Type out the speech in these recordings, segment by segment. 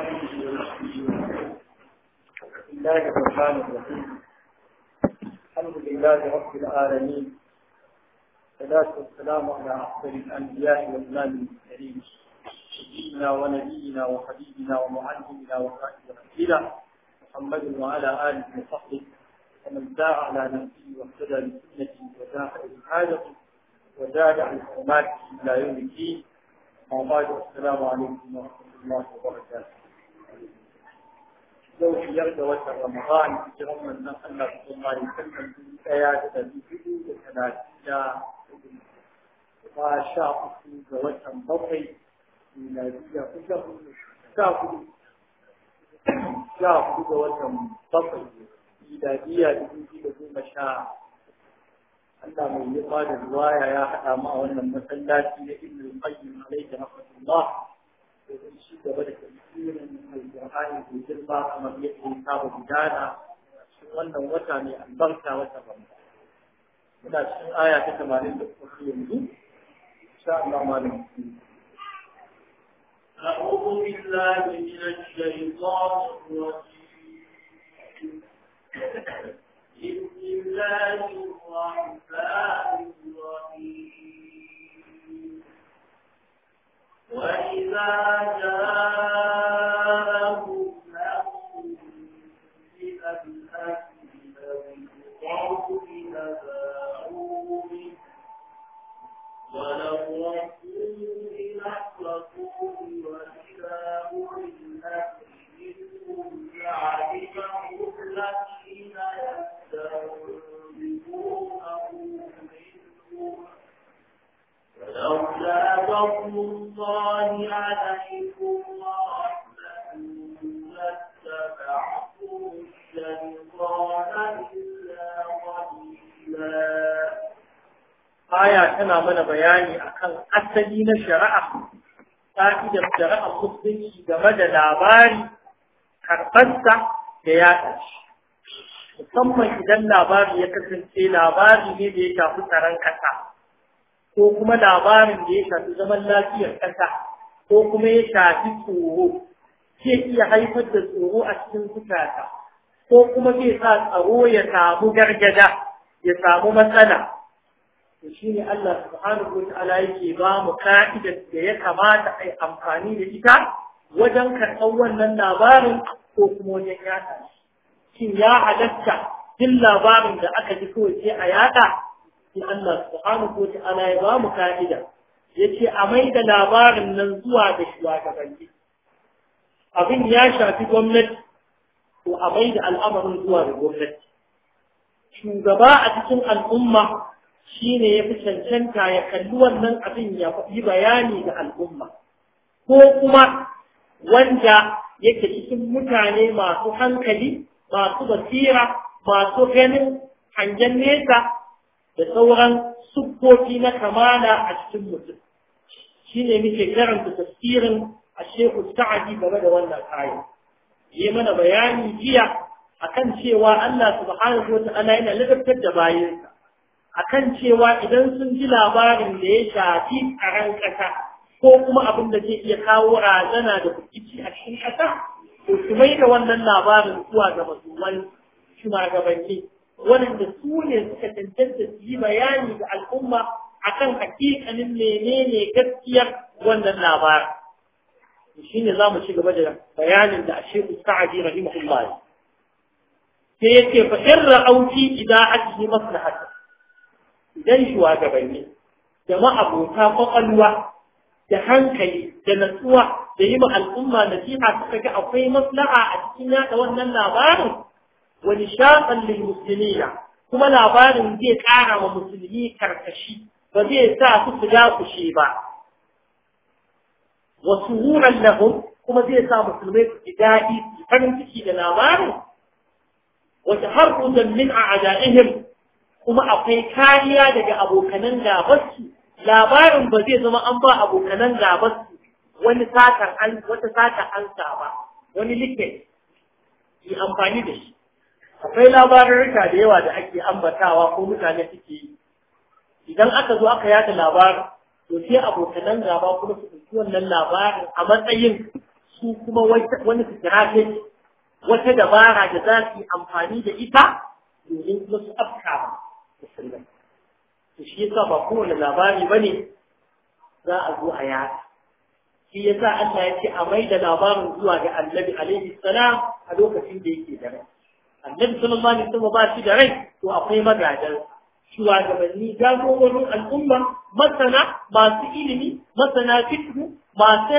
الله الرحمن الرحيم الحمد لله رب العالمين الصلاه والسلام على أفضل الأنبياء وإمام الكريم سيدنا ونبينا وحبيبنا ومعلمنا وقائد رسولنا محمد وعلى آله وصحبه ومن ساع على نفسه واهتدى بسنته وزاد بحاجته وزاد عن حرماته إلى يوم الدين وبعد السلام عليكم ورحمة الله وبركاته yau biyar da watan Ramadan hijiran manzon Allah sallallahu alaihi wasallam dubu ɗaya da ɗari hudu da talatin da ba sha uku ga watan bakwai miladiyya kusa sha hudu sha hudu da watan bakwai miladiyya dubu biyu da goma sha Allah mai yi da ruwaya ya haɗa mu a wannan masallaci na Ibn Qayyim alaihi rahmatullah domin shi gaba da tasirin alƙur'ani da girma kamar yadda ya saba gudana cikin wannan wata mai albarka wata bamba muna cikin aya ta tamanin da kuma yanzu insha Allah malam أعوذ بالله من الشيطان الرجيم بسم الله الرحمن الرحيم وإذا جاءهم لهم بالأكل بالقول نزاعوا به ولو رسول نحرقوا وإذا أريد asali na shari'a ƙa'idar shari'ar musulunci game da labari karɓarsa da yaɗa shi musamman idan labari ya kasance labari ne da ya shafi tsaron ƙasa ko kuma labarin da ya shafi zaman lafiyar ƙasa ko kuma ya shafi tsoro ke iya haifar da tsoro a cikin zukata ko kuma zai sa tsaro ya samu gargada ya samu matsala to shi ne Allah subhanahu wa ta'ala yake ba mu ka'idar da ya kamata a yi amfani da ita wajen karɓar wannan labarin ko kuma wajen yaɗa shi. Shin ya halatta duk labarin da aka ji kawai sai a yaɗa? shi Allah subhanahu wa ta'ala ya ba mu ka'ida. Ya ce a mai da labarin nan zuwa ga shugabanni. Abin ya shafi gwamnati, to a mai da al'amarin zuwa ga gwamnati. Shugaba a cikin al'umma shi ne ya fi cancanta ya kalli wannan abin ya yi bayani ga al'umma ko kuma wanda yake cikin mutane masu hankali masu basira masu ganin hangen nesa da sauran siffofi na kamala a cikin mutum shi ne muke karanta tafsirin a shehu sa'adi game da wannan kayan yi mana bayani jiya akan cewa Allah subhanahu wa ta'ala yana ladabtar da bayansa akan cewa idan sun ji labarin da ya shafi tsaron ƙasa ko kuma abin da zai iya kawo razana da rikici a cikin ƙasa to su mai da wannan labarin zuwa ga musulman shugabanni waɗanda su ne suka tantance su yi bayani ga al'umma akan hakikanin menene gaskiyar wannan labarin shi ne za mu ci gaba da bayanin da ashe sa'adi rahimahullah sai yake fa irra auki ida'atihi maslahatu dan shugabanni da ma'abota kwakwalwa da hankali da natsuwa da yi ma al'umma nasiha ta ga akwai maslaha a cikin yada wannan labarin wani shafan lil muslimina kuma labarin zai kara wa musulmi karkashi ba zai sa su su dakushe ba wa suhuran lahum kuma zai sa musulmai su ji daɗi su farin ciki da labarin wa taharruzan min a'da'ihim kuma akwai kariya daga abokanan gabasu labarin ba zai zama an ba abokanan gabasu wani satar an wata satar an ba wani likin yi amfani da shi akwai rika da yawa da ake ambatawa ko mutane suke yi idan aka zo aka yada labarin to sai abokanan gaba kuma su ɗauki wannan labarin a matsayin su kuma wani su kira wata dabara da za su yi amfani da ita domin kuma su afka musulmai to shi yasa ba kowane labari bane za a zo a yada shi yasa Allah ya ce a mai da labarin zuwa ga Annabi alaihi salam a lokacin da yake da rai Annabi sallallahu alaihi wasallam ba shi da rai to akwai magadan shugabanni jagororin al'umma masana masu ilimi masana fitu masu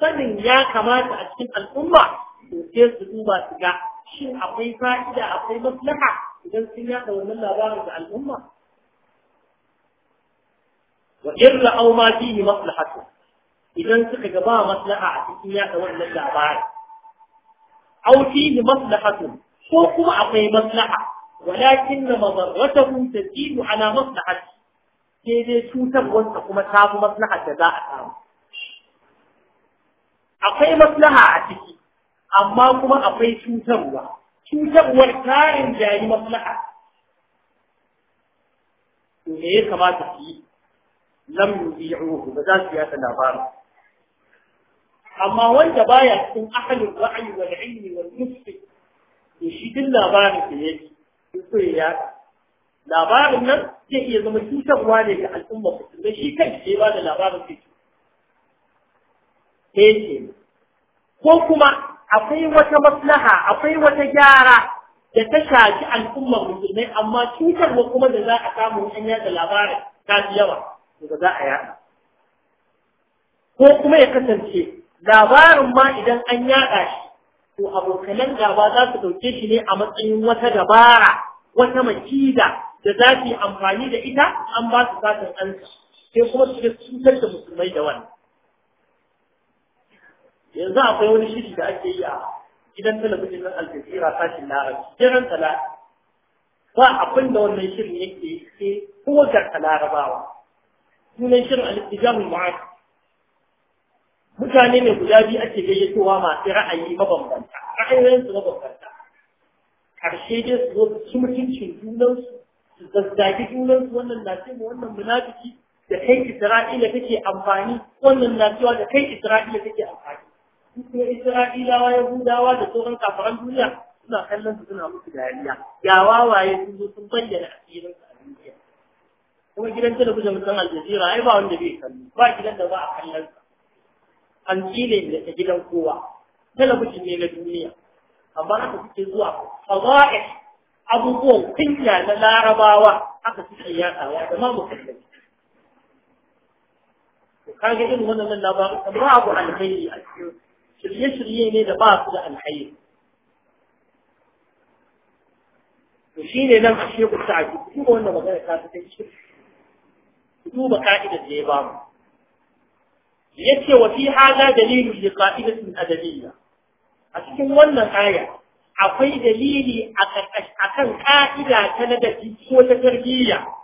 sanin ya kamata a cikin al'umma to sai su duba su ga shin akwai fa'ida akwai maslaha idan sun yaɗa wannan labarin ga al'umma wa irra aw ma fihi maslahatu idan suka ga ba maslaha a cikin yaɗa wannan labarin aw fihi maslahatu ko kuma akwai maslaha walakin na mabarratahu tazidu ala maslahati sai dai cutarwarsa kuma ta fi maslaha da za a samu akwai maslaha a ciki amma kuma akwai cutarwa cutarwar tarin jayi maslaha me ya kamata su yi lam yubi'uhu ba za su yata labarin amma wanda baya cikin ahalin ra'ayi wal ilmi wal nufi to shi labarin da yake in so ya labarin nan zai iya zama cutarwa ne ga al'umma musulmai shi kai sai ba da labarin Ke ce ko kuma akwai wata maslaha akwai wata gyara da ta shafi al'ummar musulmai amma cutarwa kuma da za a samu an yada labarin ta fi yawa da za a yada ko kuma ya kasance labarin ma idan an yada shi to abokanan gaba za su ɗauke shi ne a matsayin wata dabara wata makida da za su yi amfani da ita an ba su satin ansa sai kuma su cutar da musulmai da wannan yanzu akwai wani shiri da ake yi a gidan talabijin na aljazeera sashin larabci jiran tala ba abin da wannan shirin yake ke kuma garta larabawa sunan shirin al-ijamul mutane ne guda biyu ake gayyatowa masu ra'ayi mabambanta ra'ayoyinsu mabambanta karshe dai su zo su ci mutuncin junansu su zazzagi junansu wannan na cewa wannan munafiki da kai isra'ila take amfani wannan na cewa da kai isra'ila take amfani kuma Isra'ilawa Yahudawa da sauran kafaran duniya suna kallon su suna musu dariya ya wawaye sun zo sun bayyana asirin su a duniya kuma gidan talabijin mutum Al Jazeera ai ba wanda bai kalli ba gidan da ba a kallon sa an cile da gidan kowa talabijin ne na duniya amma haka suke zuwa fada'i abubuwan kunya na larabawa haka suke yaɗawa da ma Ka kage irin wannan labarin ba abu alheri a cikin shirye-shirye ne da ba su da alhayi to shi ne nan a ku ta ake duba wanda magana ta ta kai duba ka'idar da ya ba mu ya ce wa fi hada dalilu li qa'idatin adabiyya a cikin wannan aya akwai dalili akan ka'ida ta na ladabi ko ta tarbiyya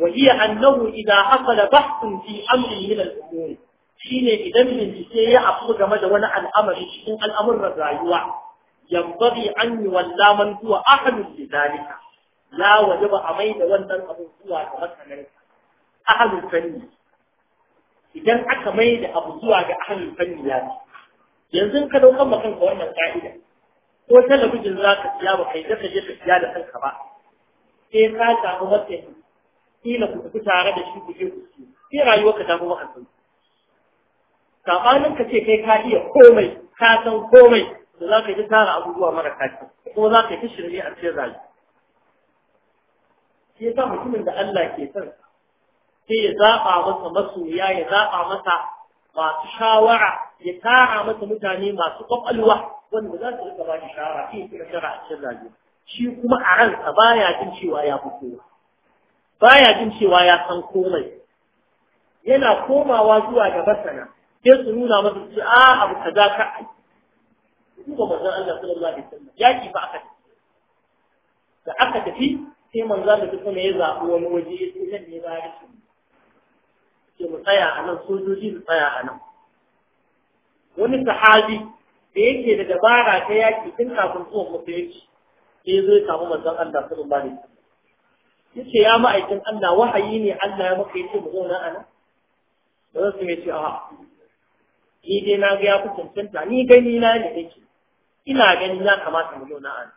وهي أنه إذا حصل بحث في أمر من الأمور Shi ne idan bincike ya afu game da wani al'amari cikin al'amuran rayuwa yambari an yi walla man zuwa ahalun lidalika ya waje ba a mai da wannan abin zuwa ga masanin ahalun fanni idan aka mai da abu zuwa ga ahalin fanni ya ce yanzu ka daukan ma kanka wannan ka'ida ko talabijin za ka siya ba kai ka je ka siya da kanka ba sai ka samu matsayi kila ku tafi tare da shi ku je ku ci sai rayuwarka ta fi maka sauki sabanin ka ce kai ka iya komai ka san komai da za ka yi tara abubuwa mara kaki ko za ka yi shirme a cikin rayu shi yasa mutumin da Allah ke son sai ya zaɓa masa masoya ya zaba masa masu shawara ya tara masa mutane masu kwakwalwa wanda za su rika ba shi shawara sai ya fi a cikin rayuwa shi kuma a ransa baya jin cewa ya fi baya jin cewa ya san komai yana komawa zuwa gaba masana sai su nuna masa su ah, a abu za ka ai kuma manzon Allah sallallahu alaihi wasallam yaƙi ba aka da aka tafi sai manzon da kuma ya zabi wani waje ya ce zan ne ba ya ce ke mu tsaya a nan sojoji su tsaya a nan wani sahabi da yake da dabara ta yaƙi tun kafin tsohon zuwan musulunci sai ya zo ya samu manzon Allah sallallahu alaihi wasallam yace ya ma'aikin Allah wahayi ne Allah ya maka yace mu zauna a nan da zan su mai ce a'a ni dai na ga ya fi cancanta ni gani na ne nake ina gani ya kamata mu zauna a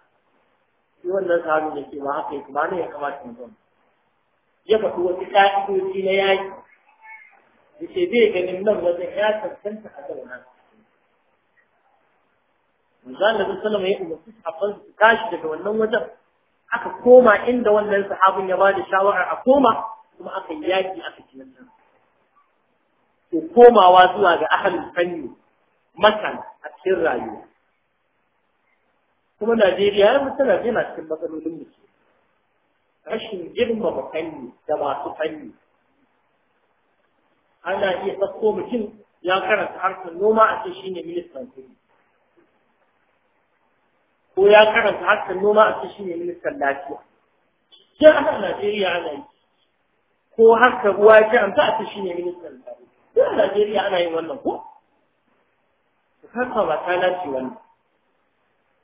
shi wannan sahabi da cewa haka yake ne ya kamata mu zauna ya faɗi wasu ƙa'idoji na yaƙi da ke zai ganin nan wajen ya cancanta a zauna Manzan da Sallama ya umarci sahabban su tashi daga wannan wajen aka koma inda wannan sahabin ya ba da shawara a koma kuma aka yi yaƙi aka ci nan. ko komawa zuwa ga ahalin fanni makan a cikin rayuwa kuma Najeriya ya mutu na cikin matsalolin mu rashin girmama fanni da masu fanni ana iya ɗauko mutum ya karanta harkar noma a ce shi ne ministan kuɗi ko ya karanta harkar noma a ce shi ne ministan lafiya sai a Najeriya ana yi ko harkar ruwa ya karanta a ce shi ne ministan lafiya duk a Najeriya ana yin wannan ko kanka ba ta wannan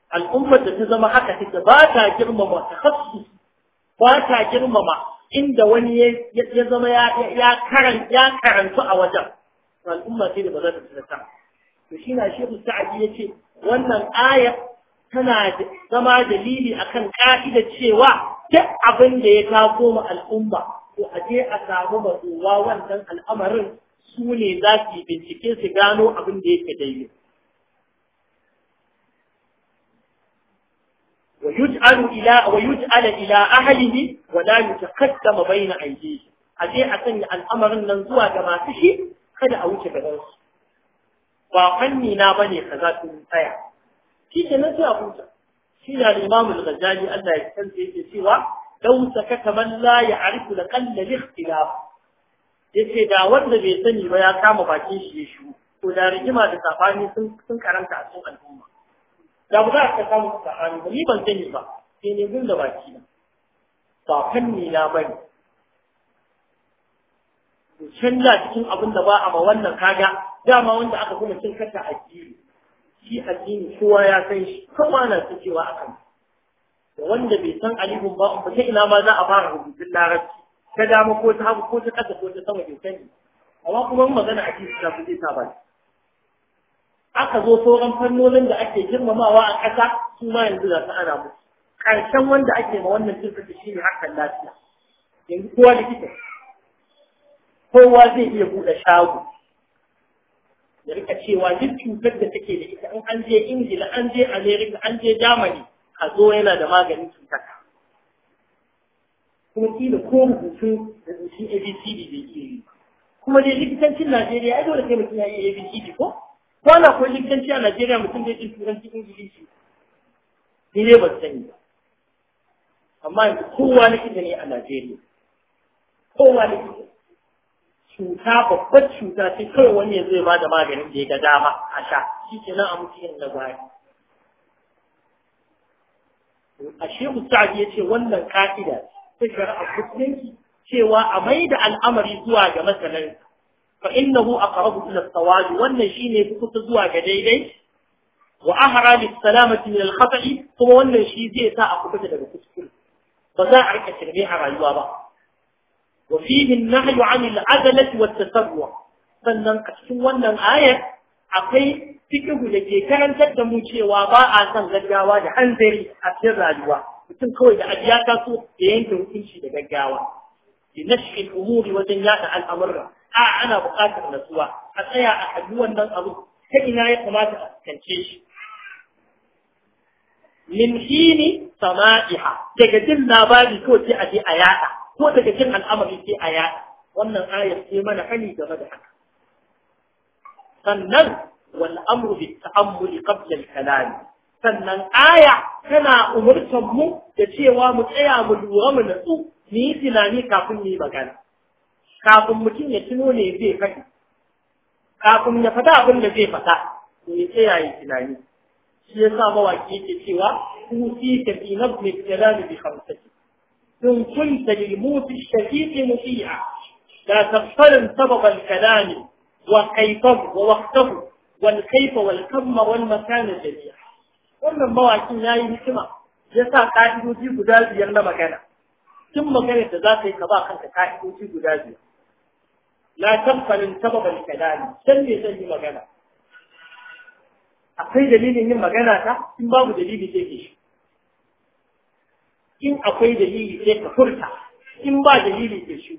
al'ummar da ta zama haka take ba ta girmama takassus ba ta girmama inda wani ya zama ya karantu a wajen al'umma sai da ba za ta tsirata to shi na shehu sa'adi ya ce wannan ayar tana zama dalili akan ka'idar cewa duk abin da ya taso ma al'umma to a je a samu matsuwa wannan al'amarin su ne za su yi bincike su gano abin da yake daidai ويجعل إلى ويجعل إلى أهله A je a sanya al'amarin nan zuwa ننزوها masu shi, kada a wuce gaban su ba fanni na bane kaza sun tsaya shi ke nan sai a huta shi da Imam al-Ghazali Allah ya san sai yake cewa law sakata man la ya'rifu la qalla al-ikhtilaf yake da wanda bai sani ba ya kama bakin shi ya shu to da rigima da safani sun sun karanta a cikin al'umma da ba za ka samu safani ba ni ban sani ba sai ne gunda baki na ba fanni na bari to canza cikin abin da ba a ma wannan kaga dama wanda aka kuma cin kasa addini shi addini kowa ya san shi kowa na cewa akan da wanda bai san alihun ba ba ta ina ma za a fara rubutun larabci ta dama ko ta hagu ko ta ƙasa ko ta sama bai ne amma kuma magana a cikin ta fi ta ba aka zo sauran fannonin da ake girmamawa a ƙasa su ma yanzu da su ana musu ƙarshen wanda ake ma wannan tilkata shi ne hakan lafiya yanzu kowa likita kowa zai iya buɗe shago Da rika cewa duk cutar da take da ita in an je ingila an je america an je germany a zo yana da maganin cutar kuma kila ko rubutun rubutun abcd bai iya yi kuma dai likitancin najeriya ai dole sai mutum ya iya abcd ko ko na koyi likitanci a najeriya mutum zai iya turanci ingilishi ni ne ban sani ba amma yanzu kowa likita ne a najeriya kowa likita cuta babbar cuta sai kawai wani ya zai bada maganin da ya ga dama a sha shi ke nan a mutu yin nagwari a shehu sa'ad ya ce wannan ka'ida ta shari'a musulunci cewa a mai da al'amari zuwa ga masalan fa innahu aqrabu ila as wannan shi ne kusa zuwa ga daidai wa ahra bis salamati min kuma wannan shi zai sa a kubuta daga kuskure ba za a rika shirme a rayuwa ba wa fihi an-nahyu 'an al-'adalati sannan a cikin wannan ayar akwai fikihu da ke karantar da mu cewa ba a son gaggawa da hanzari a cikin rayuwa mutum kawai da ajiya ta so da yanke hukunci da gaggawa li nashfi umuri wajen yada al'amurra a ana buƙatar nasuwa a tsaya a kalli wannan abu ta ina ya kamata a fuskance shi min hini sama'iha daga jin labari ko ce a je a yada ko daga jin al'amari sai a yada wannan ayar ce mana hani game da haka sannan wal amru bi ta'ammuli qabla al kalam sannan aya tana umurtar mu da cewa mu tsaya mu lura mu natsu mu yi tunani kafin mu yi magana kafin mutum ya tuno ne zai faɗi kafin ya faɗa abin da zai faɗa to ya tsaya yi tunani shi ya sa mawaƙi yake cewa kusi ka fi nabni kalami bi khamsati in kunta lil muti shafiqi muti'a la taqtarin sabab al kalami wa kaifan wa waqtahu wal kaifa wal kamma wal makan jami'a wannan mawakin ya yi hikima ya sa ka'idoji guda biyar na magana tun magana da za ka yi ka ba kanka ka'idoji guda biyar la tabbalin sababan kalali san ne zan yi magana akwai dalilin yin magana ta in babu dalili sai ke shi in akwai dalili sai ka furta in ba dalili ke shi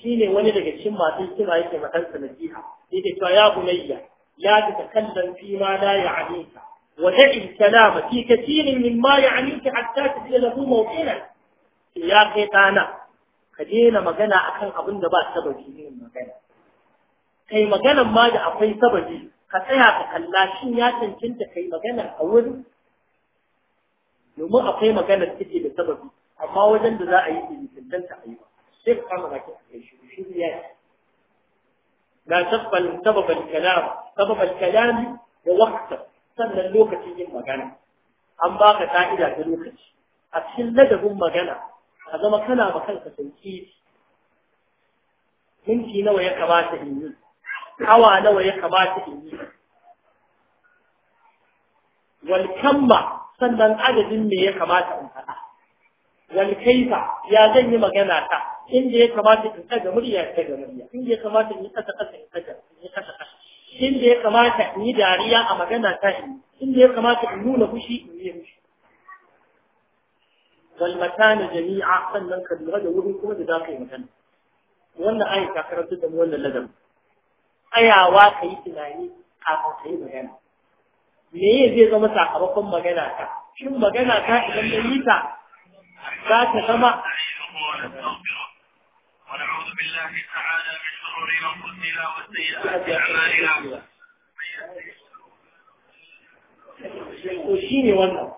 Shi ne wani daga cikin masu kira yake makansa nasiha yake cewa ya bunayya Ya tatakallam kallon ma la ya'nika wa da'i kalam fi katir min ma ya'nika hatta tajid lahu mawqina ya kaitana ka daina magana akan abin da ba sababi ne magana kai maganar ma da akwai sababi ka tsaya ka kalla shin ya cancanta kai magana a wuri domin akwai maganar take da sababi amma wajen da za a yi ilimin a yi ba sai ka kama baki a kai shiru shiru ya yi ga sabban sababal da waqta sannan lokacin yin magana an baka ka'ida ta lokaci a cikin ladabin magana a zama kana ba kanka sauki minti nawa ya kamata in yi awa nawa ya kamata in yi wal kamma sannan adadin me ya kamata in faɗa wal kaifa ya zan yi magana ta inda ya kamata in ɗaga murya ta ga murya inda ya kamata in yi kasa kasa in ɗaga in yi kasa kasa inda ya kamata in yi dariya a magana ta in inda ya kamata in nuna fushi in yi fushi wal matana jami'a sannan ka lura da wurin kuma da za ka yi magana wannan ayin ta karanta da wannan ladan tsayawa ka yi tunani kafin ka yi magana me zai zama sakamakon magana ta shin magana ta idan na yi ta فاتح فما ونعوذ بالله تعالى من شرور انفسنا وسيئات اعمالنا وشيني والله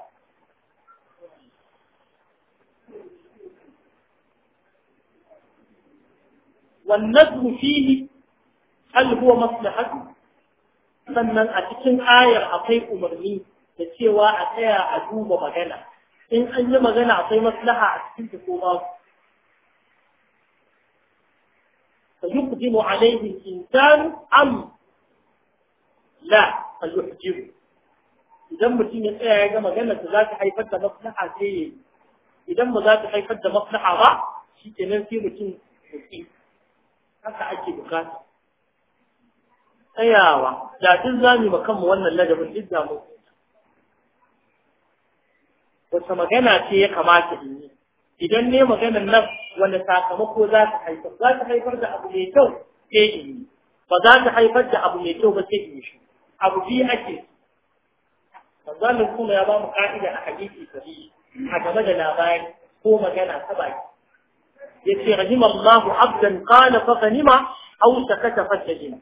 والنزل فيه هل هو مصلحة فمن a آية حقيقة akwai umarni da cewa a in an yi magana akwai maslaha a cikin ta ko babu fa yuqdimu alayhi insan am la fa yuhjibu idan mutum ya tsaya ya ga magana ta za ta haifar da maslaha sai yayi idan ba za ta haifar da maslaha ba shi kenan sai mutum ya haka ake bukata tsayawa da duk zamu makan wannan ladabin duk zamu wata magana ce ya kamata in yi idan ne maganar nan wanda sakamako za ta haifar za ta haifar da abu mai kyau sai in yi ba za ta haifar da abu mai kyau ba sai in shi abu biyu ake manzalin kuma ya ba mu ka'ida a hadisi sahihi a game da labari ko magana ta baki yace rahimallahu abdan qala fa ghanima aw sakata fa tajina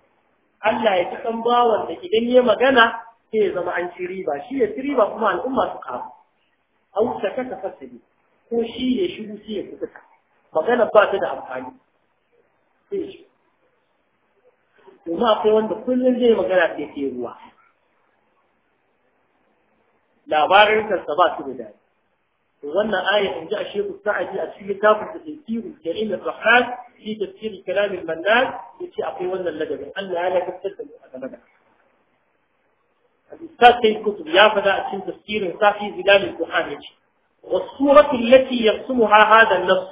Allah ya ci kan bawan da idan ya magana sai ya zama an ci riba shi ya ci riba kuma al'umma su karu au sakata fasali ko shi ya shigo sai ya kuka magana ba ta da amfani kuma akwai wanda kullum zai magana ta ke ruwa labarin kansa ba su da daɗi وظن آية إن جاء الشيخ السعدي أسفل كافر تفسير كريم الرحمن في تفسير akwai المنان يتي Allah ya اللجب أن لا يكتب المؤمنة الأستاذ كتب يا فدا أتم تفسير في زلال الدخان يجي والصورة التي يرسمها هذا النص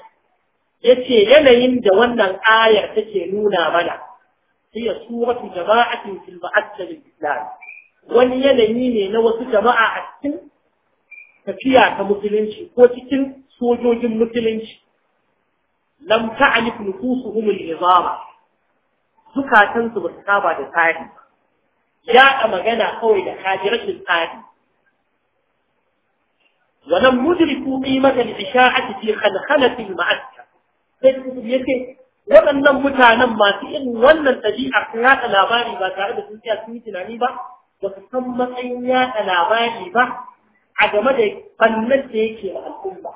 يتي ينين دوانا آية تتنونا منع هي صورة جماعة في المعسل الإسلامي wani yanayi ne na wasu jama'a a cikin tafiya ta musulunci ko cikin sojojin musulunci lam ta'alif nufusuhum al su ba da tsari ya magana kawai da kaji rashin tsari ولم يدركوا قيمة الإشاعة في خلخلة المعسكر yake waɗannan mutanen masu irin wannan ɗabi'ar sun yaɗa labari ba tare da sun sun yi tunani ba ba su san matsayin yaɗa labari ba a game da fannin da yake ma al'umma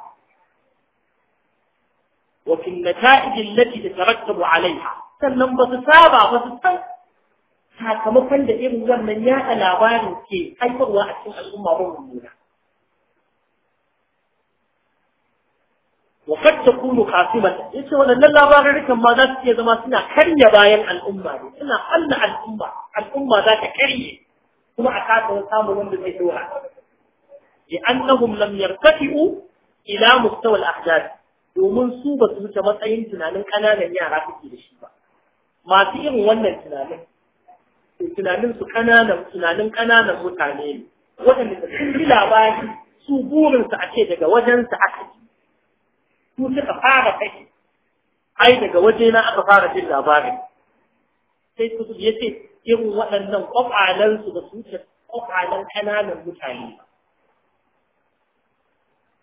wa fi nata'ijin lati da tarattabu alaiha sannan ba su saba ba su san sakamakon da irin wannan yaɗa labarin ke haifarwa a cikin al'umma ba nuna. wa kad takunu Ya yace wannan labarin rikan ma za su iya zama suna karya bayan al'umma ne suna Allah al'umma al'umma za ta karye kuma a kasar samun wanda zai dora لأنهم لم u ila مستوى الأحداث domin su ba su wuce matsayin tunanin ƙananan yara suke da shi ba masu irin wannan tunanin tunanin su kananan tunanin kananan mutane ne waɗanda da sun ji labari su burinsu a ce daga wajensu aka ji su suka fara kai ai daga waje na aka fara jin labarin sai su ya ce irin waɗannan ƙwaƙwalansu da su wuce ƙwaƙwalan ƙananan mutane ba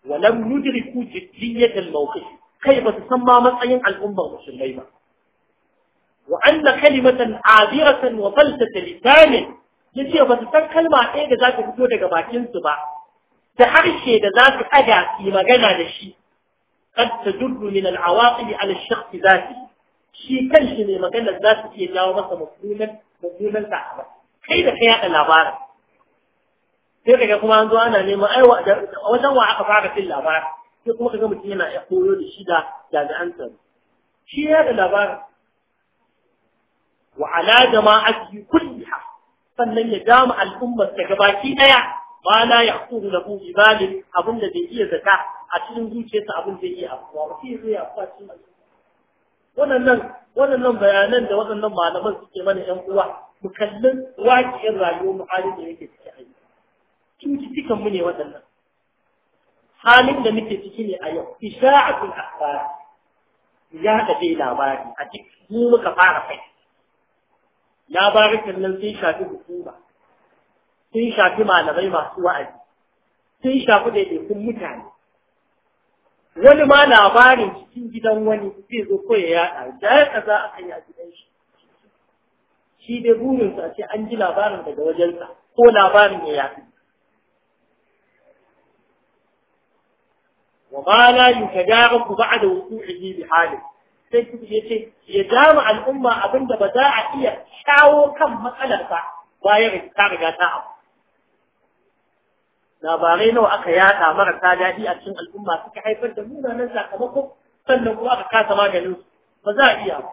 walam nudriku jiddiyat al-mawqif kai ba su san ma matsayin al'ummar musulmai ba وأن كلمة عابرة وفلسة لسان yace ba su san kalma ɗaya da za ka fito daga bakinsu ba da harshe da za su ɗaga su magana da shi kad ta dudu min al'awaqib ala shakhs zati shi kanshi ne maganar za su iya kai da sai kaga kuma an zo ana neman ai wajen wa aka fara cin labarin sai kuma ka ga mutum yana koyo da shi da jami'an tsaro shi da labarin wa ala jama'ati kulliha sannan ya jama al'ummar ta gabaki daya ba la yaqulu lahu ibadin abin da bai iya zaka a cikin zuciyarsa abin da iya afuwa ba sai zai afuwa cikin wannan wannan bayanan da wannan malaman suke mana yan uwa mu kallon waƙiyar rayuwar mu halin da yake ciki a yau cututtukan mu ne waɗannan halin da muke ciki ne a yau isha'atul akhbar ya da dai labari a cikin mu muka fara fai labarukan nan sun shafi hukuma sun shafi malamai masu wa'azi sun shafi daidaikun mutane wani ma labarin cikin gidan wani zai zo ko ya yaɗa da ya kaza a kan ya gidan shi shi dai burinsa ce an ji labarin daga wajensa ko labarin ya yaɗa ba لا ba'da بعد bi halin. sai kuma ya ce ya jama al'umma abinda ba za a iya shawo kan matsalar ba bayan ta riga ta abu labarai nawa aka yada marasa daɗi a cikin al'umma suka haifar da munanan sakamako sannan kuma aka kasa maganin su ba za a iya ba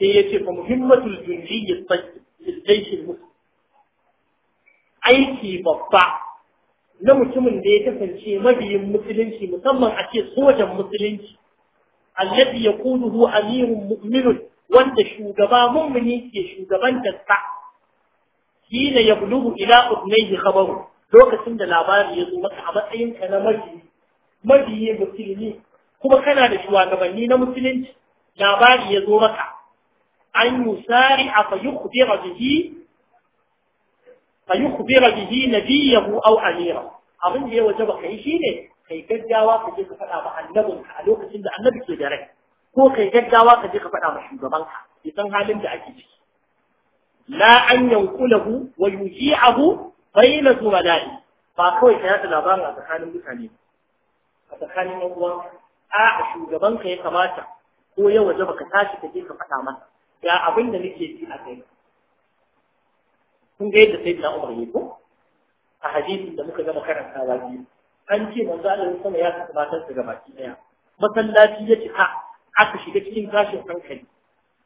sai ya ce fa muhimmatul jundi ya tsaye aiki babba na mutumin da ya kasance mabiyin musulunci musamman a ce sojan musulunci alladhi yaquluhu amirun mu'minun wanda shugaba mu'mini ke shugabantar sa hina yablughu ila udnayhi khabaru lokacin da labari ya zo maka a matsayin ka na mabiyi mabiyi musulmi kuma kana da shugabanni na musulunci labari ya zo maka an yusari afa yukhbira bihi fa yukhbira bihi nabiyahu aw amira abin da ya wajaba kai shine kai gaggawa ka je ka faɗa ma annabinka a lokacin da annabi ke da rai ko kai gaggawa ka je ka faɗa ma shugabanka ka san halin da ake ciki la an yankulahu wa yuji'ahu bayna zumala'i ba kawai ka yada labarin a tsakanin mutane a tsakanin yan uwan a shugabanka ya kamata ko ya wajaba ka tashi ka je ka faɗa masa ya abinda da nake ji a kai kun ga yadda sayyidina Umar ya ko a hadisi da muka gama karanta ba biyu an ce manzo Allah sama ya saka matar daga baki daya masallaci ya ha aka shiga cikin gashin hankali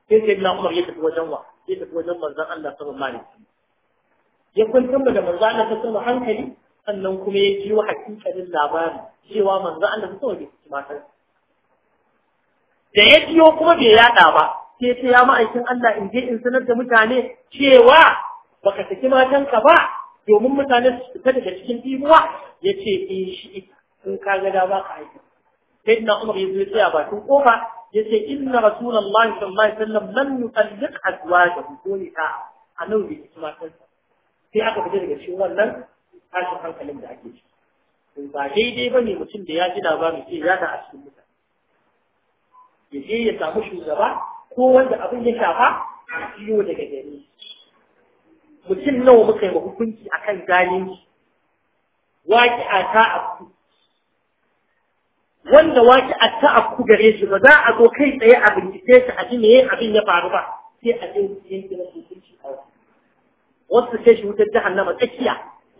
sai sayyidina Umar ya tafi wajen wa ya tafi wajen manzon Allah sallallahu alaihi wasallam ya kwantar da manzo Allah sallallahu hankali sannan kuma ya ji wa hakikalin labarin cewa manzo Allah ya alaihi wasallam da ya biyo kuma bai yada ba sai ta ya ma'aikin Allah in je in sanar da mutane cewa baka saki matanka ba domin mutane su fita daga cikin dimuwa ya ce in eh, shi in ka ga da ba ka aiki sai na umar ya zo tsaya bakin kofa ya ce inna rasulullahi sallallahu alaihi wasallam man yutalliq da ko ni ta annabi bai matan matansa sai aka fita daga cikin wannan tashin hankalin da ake ciki ba daidai ba ne mutum da ya ji labarin sai ya da a cikin mutane ya je ya samu shugaba ko wanda abin ya shafa a ciwo daga gari mutum nawa muka yi wa hukunci akan Waki waƙi'a ta ku? wanda waki waƙi'a ta ku gare shi ba za a zo kai tsaye a bincike shi a ji me abin ya faru ba sai a je yanke na hukunci a wasu kai shi wutar jahannama tsakiya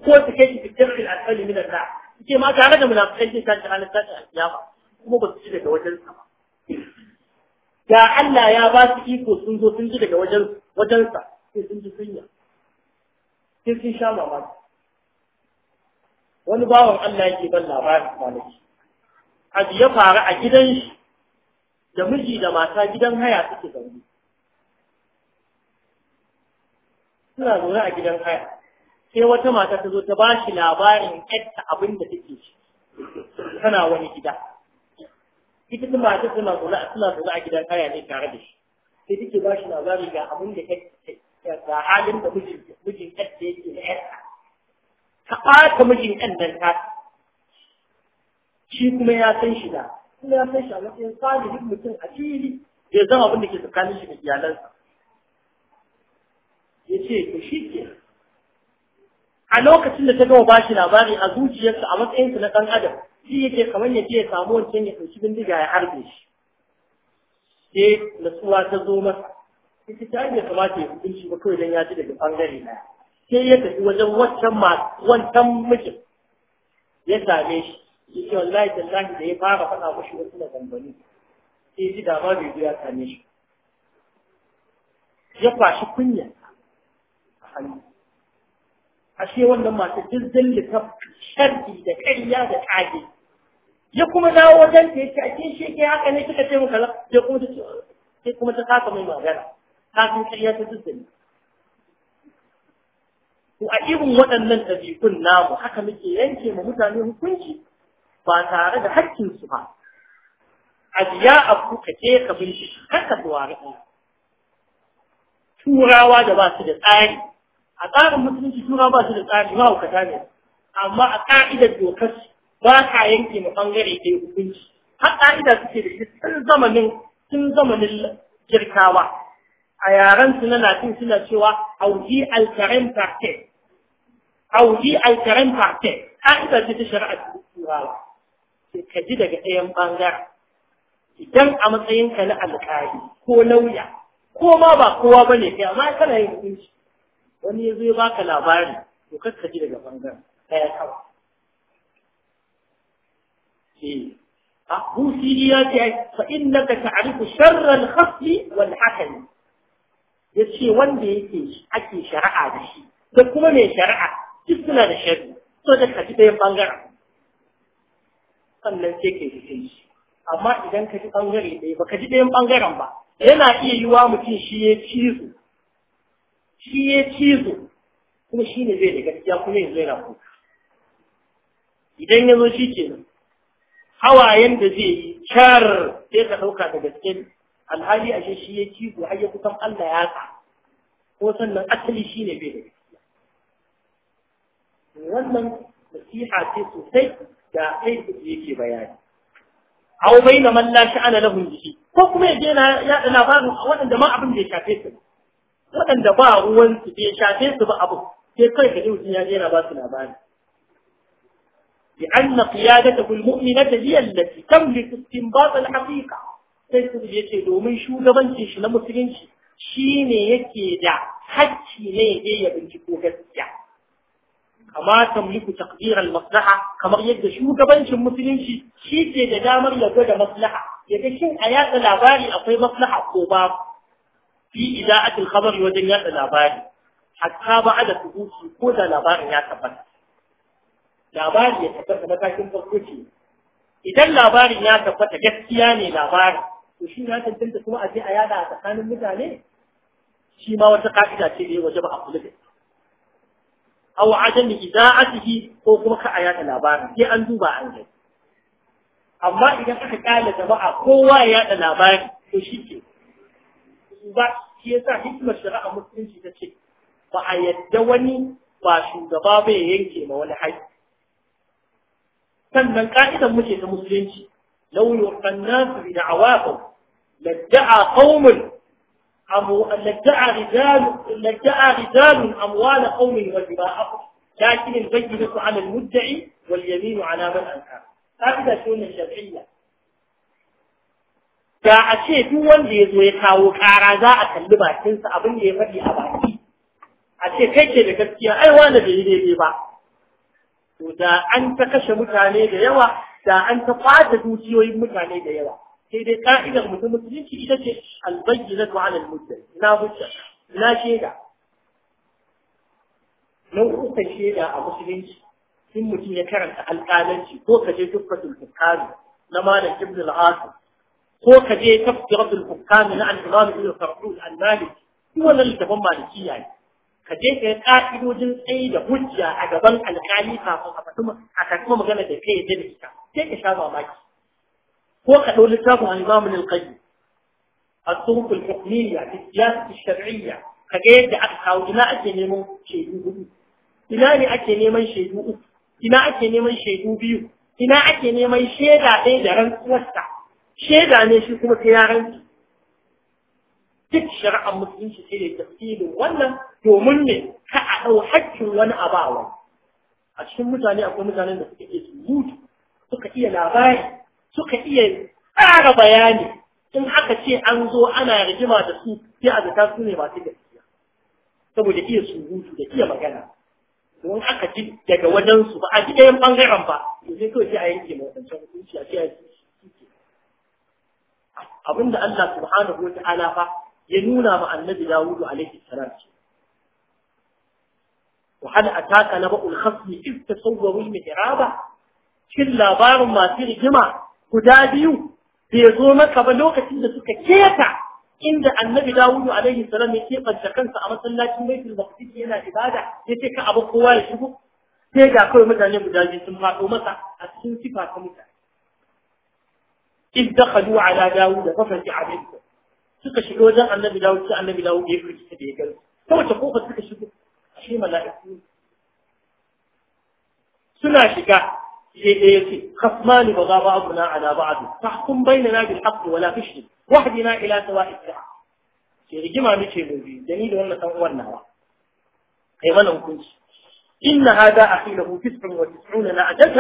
ko su kai shi fitar fil asali min Allah suke ma tare da munafikai jin tashi ranar tashi alkiyama kuma ba su ci daga wajen sa ba ga Allah ya ba su iko sun zo sun ji daga wajen wajen sa sai sun ji kunya sai sun sha mamaki wani bawan Allah yake ban labarin kwanaki abu ya faru a gidan shi da miji da mata gidan haya suke zaune suna zaune a gidan haya sai wata mata ta zo ta ba shi labarin yadda abin da take shi. tana wani gida ita ta mata suna zaune a gidan haya ne tare da shi sai take ba shi labarin ga abin da take ga halin da mijin mijin da yake da yarsa ta ɓata mijin ɗan nan ta shi kuma ya san shi da kuma ya san shi a matsayin salihin mutum a fili ya zama abin da ke tsakanin shi da iyalansa ya ce to shi ke a lokacin da ta gama ba shi labari a zuciyarsa a matsayinsa na ɗan adam shi yake kamar ya je ya samu wancan ya ɗauki bindiga ya harbe shi sai natsuwa ta zo masa likita ne kamata ya hukunci ba kawai dan ya ji daga bangare na sai ya tafi wajen wancan wancan mijin ya same shi ya ce wallahi tallahi da ya fara faɗa mashi wasu na gambani sai ya ji da ma bai ya same shi ya kwashi kunya a hannu ashe wannan masu jirgin littaf sharri da ƙarya da ƙage ya kuma dawo wajen ta ya ce a kin shi ke haka ne kika ce muka Ya kuma ta saka mai magana kafin ƙarya ta zuzzani Ku a irin waɗannan ɗabi'un namu haka muke yanke ma mutane hukunci ba tare da hakkinsu ba a biya a kuka je ka bincika haka tuwari turawa da ba su da tsari a tsarin musulunci turawa ba su da tsari mahaukata ne amma a ƙa'idar dokar ba ka yanke ma ɓangare ɗaya hukunci har ka'ida suke da shi tun zamanin tun zamanin a yaren su na latin suna cewa auji alkarim parte auji alkarim parte ita ce ta shari'ar turawa sai ka ji daga ɗayan bangaren idan a matsayinka na alkali ko lauya ko ma ba kowa ba ne amma kana yin kunshi wani ya zo ya baka labari to kar ka ji daga bangaren ɗaya kawai eh. a ah, husi ya ce fa innaka ta'rifu hafi wani wal ne. ya ce wanda yake ake shari'a da shi da kuma mai shari'a duk suna da shari'a so da ka ji ɗayan ɓangaren sannan sai ka yi shi amma idan ka ji ɓangare ɗaya ba ka ji ɗayan ɓangaren ba yana iya wa mutum shi ya cizo shi ya cizo kuma shi ne zai da gaskiya kuma yanzu yana kuka idan ya zo shi ke hawayen da zai yi car sai ka ɗauka da gaskiya alhali ashe shi ya cizo har ya kusan Allah ya sa ko sannan asali shi ne bai da gaskiya wannan nasiha ce sosai da sai yake bayani aw na man la sha'ana lahum bihi ko kuma yaje na yaɗa labarin a waɗanda ma abin bai shafe su waɗanda ba ruwan su bai shafe su ba abu sai kai ka dauki ya yana ba su labari لأن قيادته المؤمنة هي التي تملك استنباط الحقيقة sai su ya ce domin shugabancin shi na musulunci shi ne yake da hakki ne ya ya binciko gaskiya kama muku takdiran maslaha kamar yadda shugabancin musulunci shi ke da damar ya gwada maslaha ya ga shin a yatsa labari akwai maslaha ko babu fi ida'atul khabari wajen yatsa labari hatta ba da tuhuci ko da labarin ya tabbata labari ya tabbata matakin farko ce idan labarin ya tabbata gaskiya ne labarin to shi ya tantance kuma a je a yada a tsakanin mutane shi ma wata ka'ida ce da waje ba a kula da aw ajami idaatihi ko kuma ka a yada labarin sai an duba an gani amma idan aka da jama'a kowa ya yada labarin to shi ke ba shi yasa hikimar shari'a musulunci ta ce ba a yadda wani ba shugaba bai yanke ma wani haƙƙi sannan ka'idar muke ta musulunci لو يلقى الناس بدعواهم لادعى قوم لادعى رجال لادعى رجال اموال قوم ودماءهم لكن البينة على المدعي واليمين على من انكر هكذا سنة الشرعية جاء دون ليزوي كاو كارازا اكلم اكلس ابن يمدي اباكي ashe kai ce da gaskiya ai wani da yi ne ba to da an ta kwace dukiyoyin mutane da yawa sai dai ka'idar mutum musulunci ita ce albayyinatu ala al-mudda ina hujja ina shaida nau'ukan shaida a musulunci in mutum ya karanta alƙalanci ko ka je tuffatul hukami na malam ibn al-asim ko ka je tafsiratul hukami na al-imam ibn farhud al-malik duk wannan littafin malikiya ne ka je ka yi ka'idojin tsaye da hujja a gaban alkali kafin a fatima a karɓi magana da kai da likita sai ka shafa maki ko ka ɗau littafin alimamu ne kai a tsohon hukumiyya ya fi shari'a ka ga yadda aka kawo ina ake neman shaidu hudu ina ne ake neman shaidu uku ina ake neman shaidu biyu ina ake neman shaida ɗaya da ran rantsuwarsa shaida ne shi kuma sai ya rantsu duk shari'ar musulunci sai da tafsirin wannan domin ne ka a ɗau haƙƙin wani abawa a cikin mutane akwai mutanen da suka iya surutu suka iya labari suka iya tsara bayani in aka ce an zo ana rigima da su sai a zata su ne masu gaskiya saboda iya surutu da iya magana don aka ji daga wajen su ba a ji ɗayan ɓangaren ba sai kawai sai a yanke mai wancan hukunci a ce a abinda Allah subhanahu wa ta'ala fa ya nuna ma annabi Dawudu alaihi salam taka wa hal ataka nabul khasmi iz tasawwaru mihraba kin labarin masu rigima guda biyu bai zo maka ba lokacin da suka keta inda annabi Dawudu alaihi salam ya keɓanta kansa a masallacin Baitul Maqdis yana ibada ce ka abu kowa ya shigo sai ga kawai mutane guda biyu sun faɗo masa a cikin sifa ta mutane إذ دخلوا على داود ففزع منهم suka shiga wajen annabi dawud sai annabi dawud ya fita da ya gani ta wace kofar suka shigo ashe mala'iku suna shiga sai ɗaya ce khasmani ba za ba abu na ala ba abu fahkum bainana bil haqqi wala tushrik ila sawa'i sa'a ke rigima muke mu biyu da ni da wannan san uwan nawa kai mana hukunci إن هذا أخي له تسع وتسعون نعجة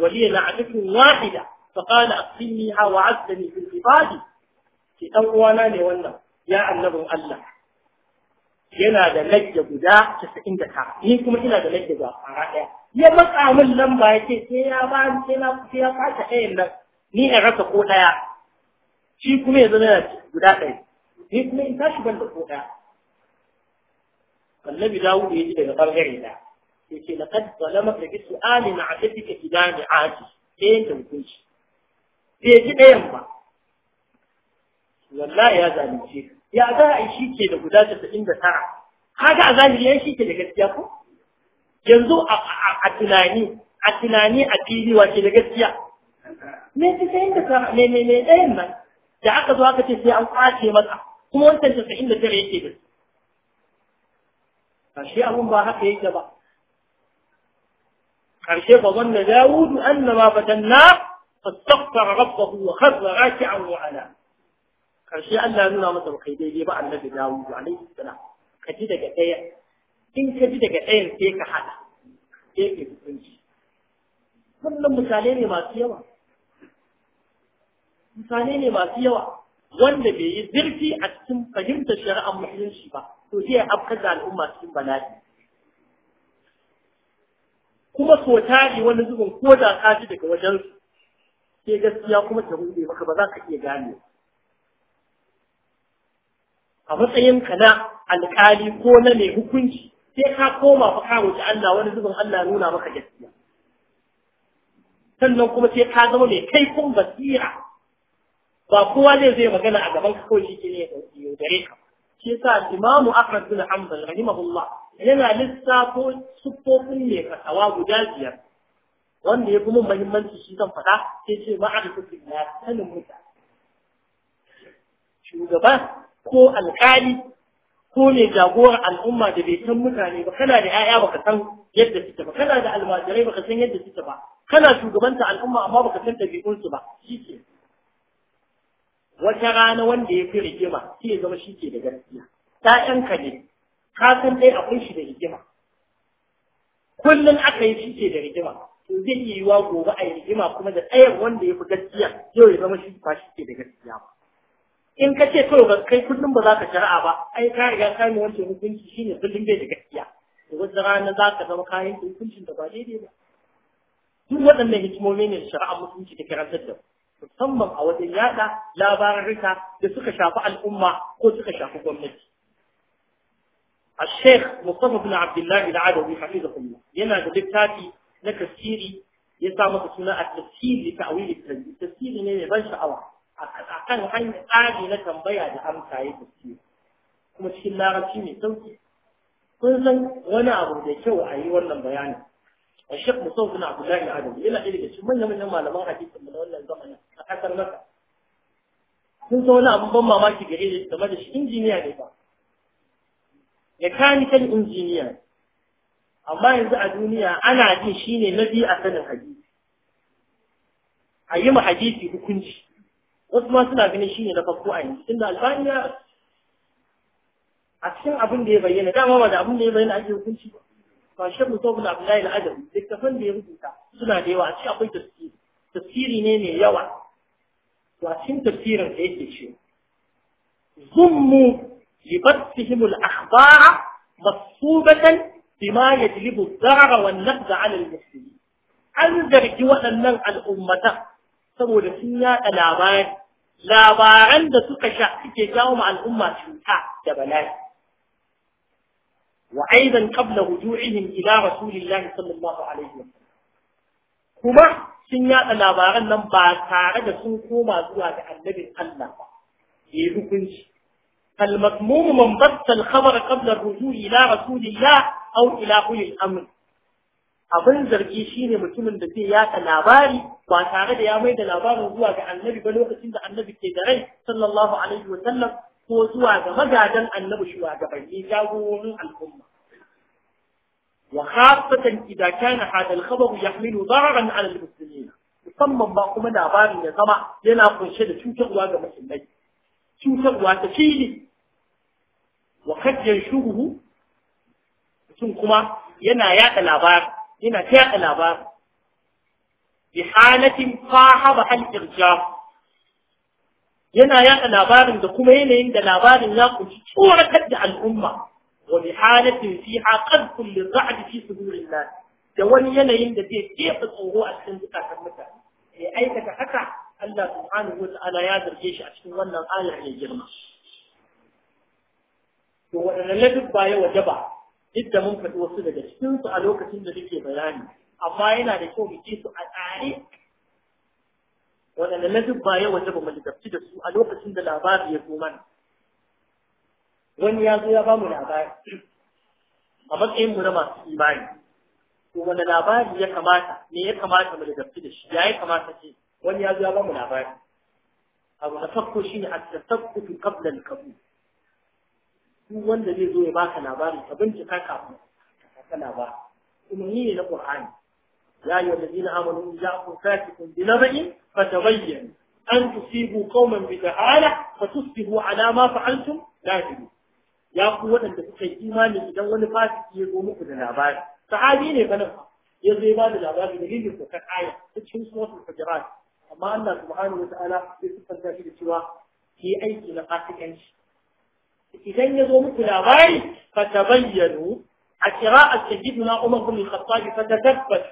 ولي نعجة واحدة فقال أقسميها وعزني في العباد ce ɗan uwana ne wannan ya annabin Allah yana da lagge guda ka. ni kuma ina da lagge guda ɗaya ya matsa min lamba yake sai ya ba ni sai na sai ya kwace ɗayan nan ni in rasa ko ɗaya shi kuma ya zama guda ɗaya ni kuma in tashi ban da ko ɗaya annabi Dawud ya ji daga bangare da yake laqad zalamaka bi su'ali ma'atika idani aji sai ta hukunci bai ji ɗayan ba wallahi ya zalunce ya za a yi shi ke da guda casa'in da tara kaga a zahiri ya shi ke da gaskiya ko yanzu a tunani a tunani a fili wace da gaskiya me casa'in da tara me me me ɗayan nan da aka zo aka ce sai an kwace masa kuma wancan casa'in da tara yake da su ƙarshe abun ba haka yake ba ƙarshe ba wanda dawudu annama fatanna fastaghfara rabbahu wa kharra raki'an wa ala karshe Allah nuna masa ba kai daidai ba annabi Dawud alaihi salam ka ji daga ɗaya in ka ji daga ɗayan sai ka haɗa sai ka hukunci kullum misalai ne masu yawa misalai ne masu yawa wanda bai yi zirfi a cikin fahimtar shari'ar musulunci ba to sai ya afkar da al'umma cikin bala'i kuma so tari wani zubin ko da ka ji daga wajensu sai gaskiya kuma ta rude maka ba za ka iya gane ba a matsayin ka na alƙali ko na mai hukunci sai ka koma fa ka roƙi Allah wani zubin Allah nuna maka gaskiya sannan kuma sai ka zama mai kaifin basira ba kowa zai zai magana a gaban ka kawai shi ne ya yaudare ka shi yasa Imam Ahmad bin Hanbal rahimahullah yana lissafo siffofin ne fatawa guda biyar wanda ya fi mun muhimmanci shi zan faɗa sai ce ma'arifin na sanin mutane shugaba ko alƙali ko mai jagorar al'umma da bai san mutane ba kana da 'ya'ya baka san yadda suke ba kana da almajirai baka san yadda suke ba kana shugabanta al'umma amma baka san ɗabi'unsu ba shike wata rana wanda ya fi rigima shi ya zama shike da gaskiya ƴaƴanka ne ka san dai akwai shi da rigima kullum aka yi shike da rigima to zai iya yiwa gobe a rigima kuma da ɗayan wanda ya fi gaskiya yau ya zama shi ba shike da gaskiya ba in ka ce kawai ba kai kullum ba za ka shari'a ba ai ka riga ka yi wancan hukunci shine kullum bai da gaskiya Da wata rana za ka zama kayan hukuncin da ba daidai ba duk waɗannan hikimomi ne shari'a musulunci ta karantar da musamman a wajen yada labararrika da suka shafi al'umma ko suka shafi gwamnati الشيخ مصطفى بن عبد الله العدوي حفظه الله ينا دكتاتي na kasiri ya sa masa suna a tafsiri ta awili tafsiri ne mai ban sha'awa a kan hanyar tsari na tambaya da amsa ya gaske kuma cikin larabci mai sauki kun san wani abu da kyau a yi wannan bayani a shek musau bin abdullahi adam yana ɗaya daga cikin manyan manyan malaman hadisin na wannan zamanin a ƙasar maka sun san wani abu ban mamaki gare shi game da shi injiniya ne ba mechanical injiniya amma yanzu a duniya ana jin shine na biyu a sanin hadisi a yi ma hadisi hukunci wasu ma suna ganin shi ne na farko a yanzu tunda albani a cikin abin da ya bayyana dama ba da abin da ya bayyana ake hukunci ba shi mu tobin abdullahi al-adam littafan da ya rubuta suna da yawa a cikin akwai tafsiri tafsiri ne mai yawa to a cikin tafsirin da yake ce zummu libattihim al-akhbara masubatan bima yajlibu ad-darara wan nafza 'ala al-muslimin an zargi waɗannan al'ummata saboda sun yaɗa labari labaran da suka sha suke jawo ma al'umma cuta da bala'i wa aidan qabla wujuhihim ila rasulillahi sallallahu alaihi wa kuma sun yada labaran nan ba tare da sun koma zuwa ga annabin Allah ba yi hukunci المذموم من بث الخبر قبل الرجوع إلى رسول الله أو ila أولي الأمر abin zargi shine mutumin da zai yaka labari ba tare da ya mai da labarin zuwa ga annabi ba lokacin da annabi ke da rai sallallahu alaihi wa sallam ko zuwa ga magadan annabi shugabanni jagororin al'umma wa khasatan idan kana hada al yahmilu dararan ala al musamman ba kuma labarin ya zama yana kunshe da cutarwa ga musulmai cutarwa ta fili wa kad yanshuhu mutum kuma yana yada labarin ina ta labarin bi halatin fahaba hal irja yana yaɗa labarin da kuma yanayin da labarin ya kunshi tsoratar da al'umma wa bi halatin fiha qadfun lir'ad fi sudurin nas da wani yanayin da zai jefa tsoro a cikin zukatan mutane ya aikata haka Allah subhanahu wa ya zarge shi a cikin wannan ayar mai girma to waɗannan ladubba ya wajaba duk da mun faɗi wasu daga cikinsu a lokacin da nake bayani amma yana da kyau mu su a tsare waɗanda na duk ba yawa ba mu ligabci da su a lokacin da labari ya zo mana wani ya zo ya ba mu labari a matsayin mu na masu imani to wanda labari ya kamata me ya kamata mu ligabci da shi ya ya kamata ce wani ya zo ya ba mu labari abu na farko shine a tasakkutu qabla al-qabul duk wanda zai zo ya baka labari ka bincika kafin ka labari umarni ne na qur'ani ya ayyuhal ladina amanu ja'akum fasiqun bi naba'in bayyana. an tusibu qauman bi jahala fatusbihu ala ma fa'altum nadimin ya ku waɗanda suka yi imani idan wani fasiki ya zo muku da labari sahabi ne fa ya zo ya ba da labari da lilin ko kan aya ta cikin suratul fajrat amma Allah subhanahu wa ta'ala sai shi da cewa ki aiki na fasikanci idan ya zo muku labari fatabayyanu a qira'at sayyidina Umar bin Khattab fatatabbat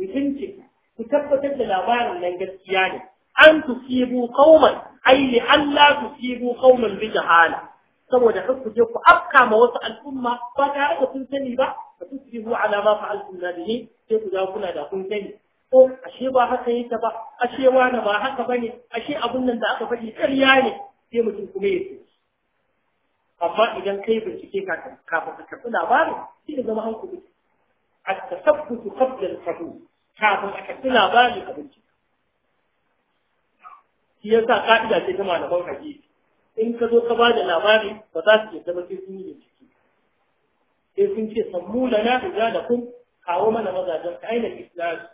ku bincika ku tabbatar da labarin nan gaskiya ne an tusibu qauman ay li alla tusibu qauman bi jahala saboda kar ku je ku afka ma wasu al'umma ba tare da sun sani ba fa tusibu ala ma fa'altum bihi sai ku dawo kuna da kun sani ko ashe ba haka yake ba ashe wani ba haka bane ashe abun nan da aka faɗi ƙarya ne sai mutum kuma ya ce amma idan kai bincike kafin ka karɓi labarin shi ne zama an kuɗi a tasabbutu qabla kafin fadu kafin a karɓi labarin a bincike shi sa ka'ida ce ta malaman hadisi in ka zo ka ba da labari ba za su yi ba sai sun yi bincike sai sun ce sammu da na da kun kawo mana mazajen ka aina isnadi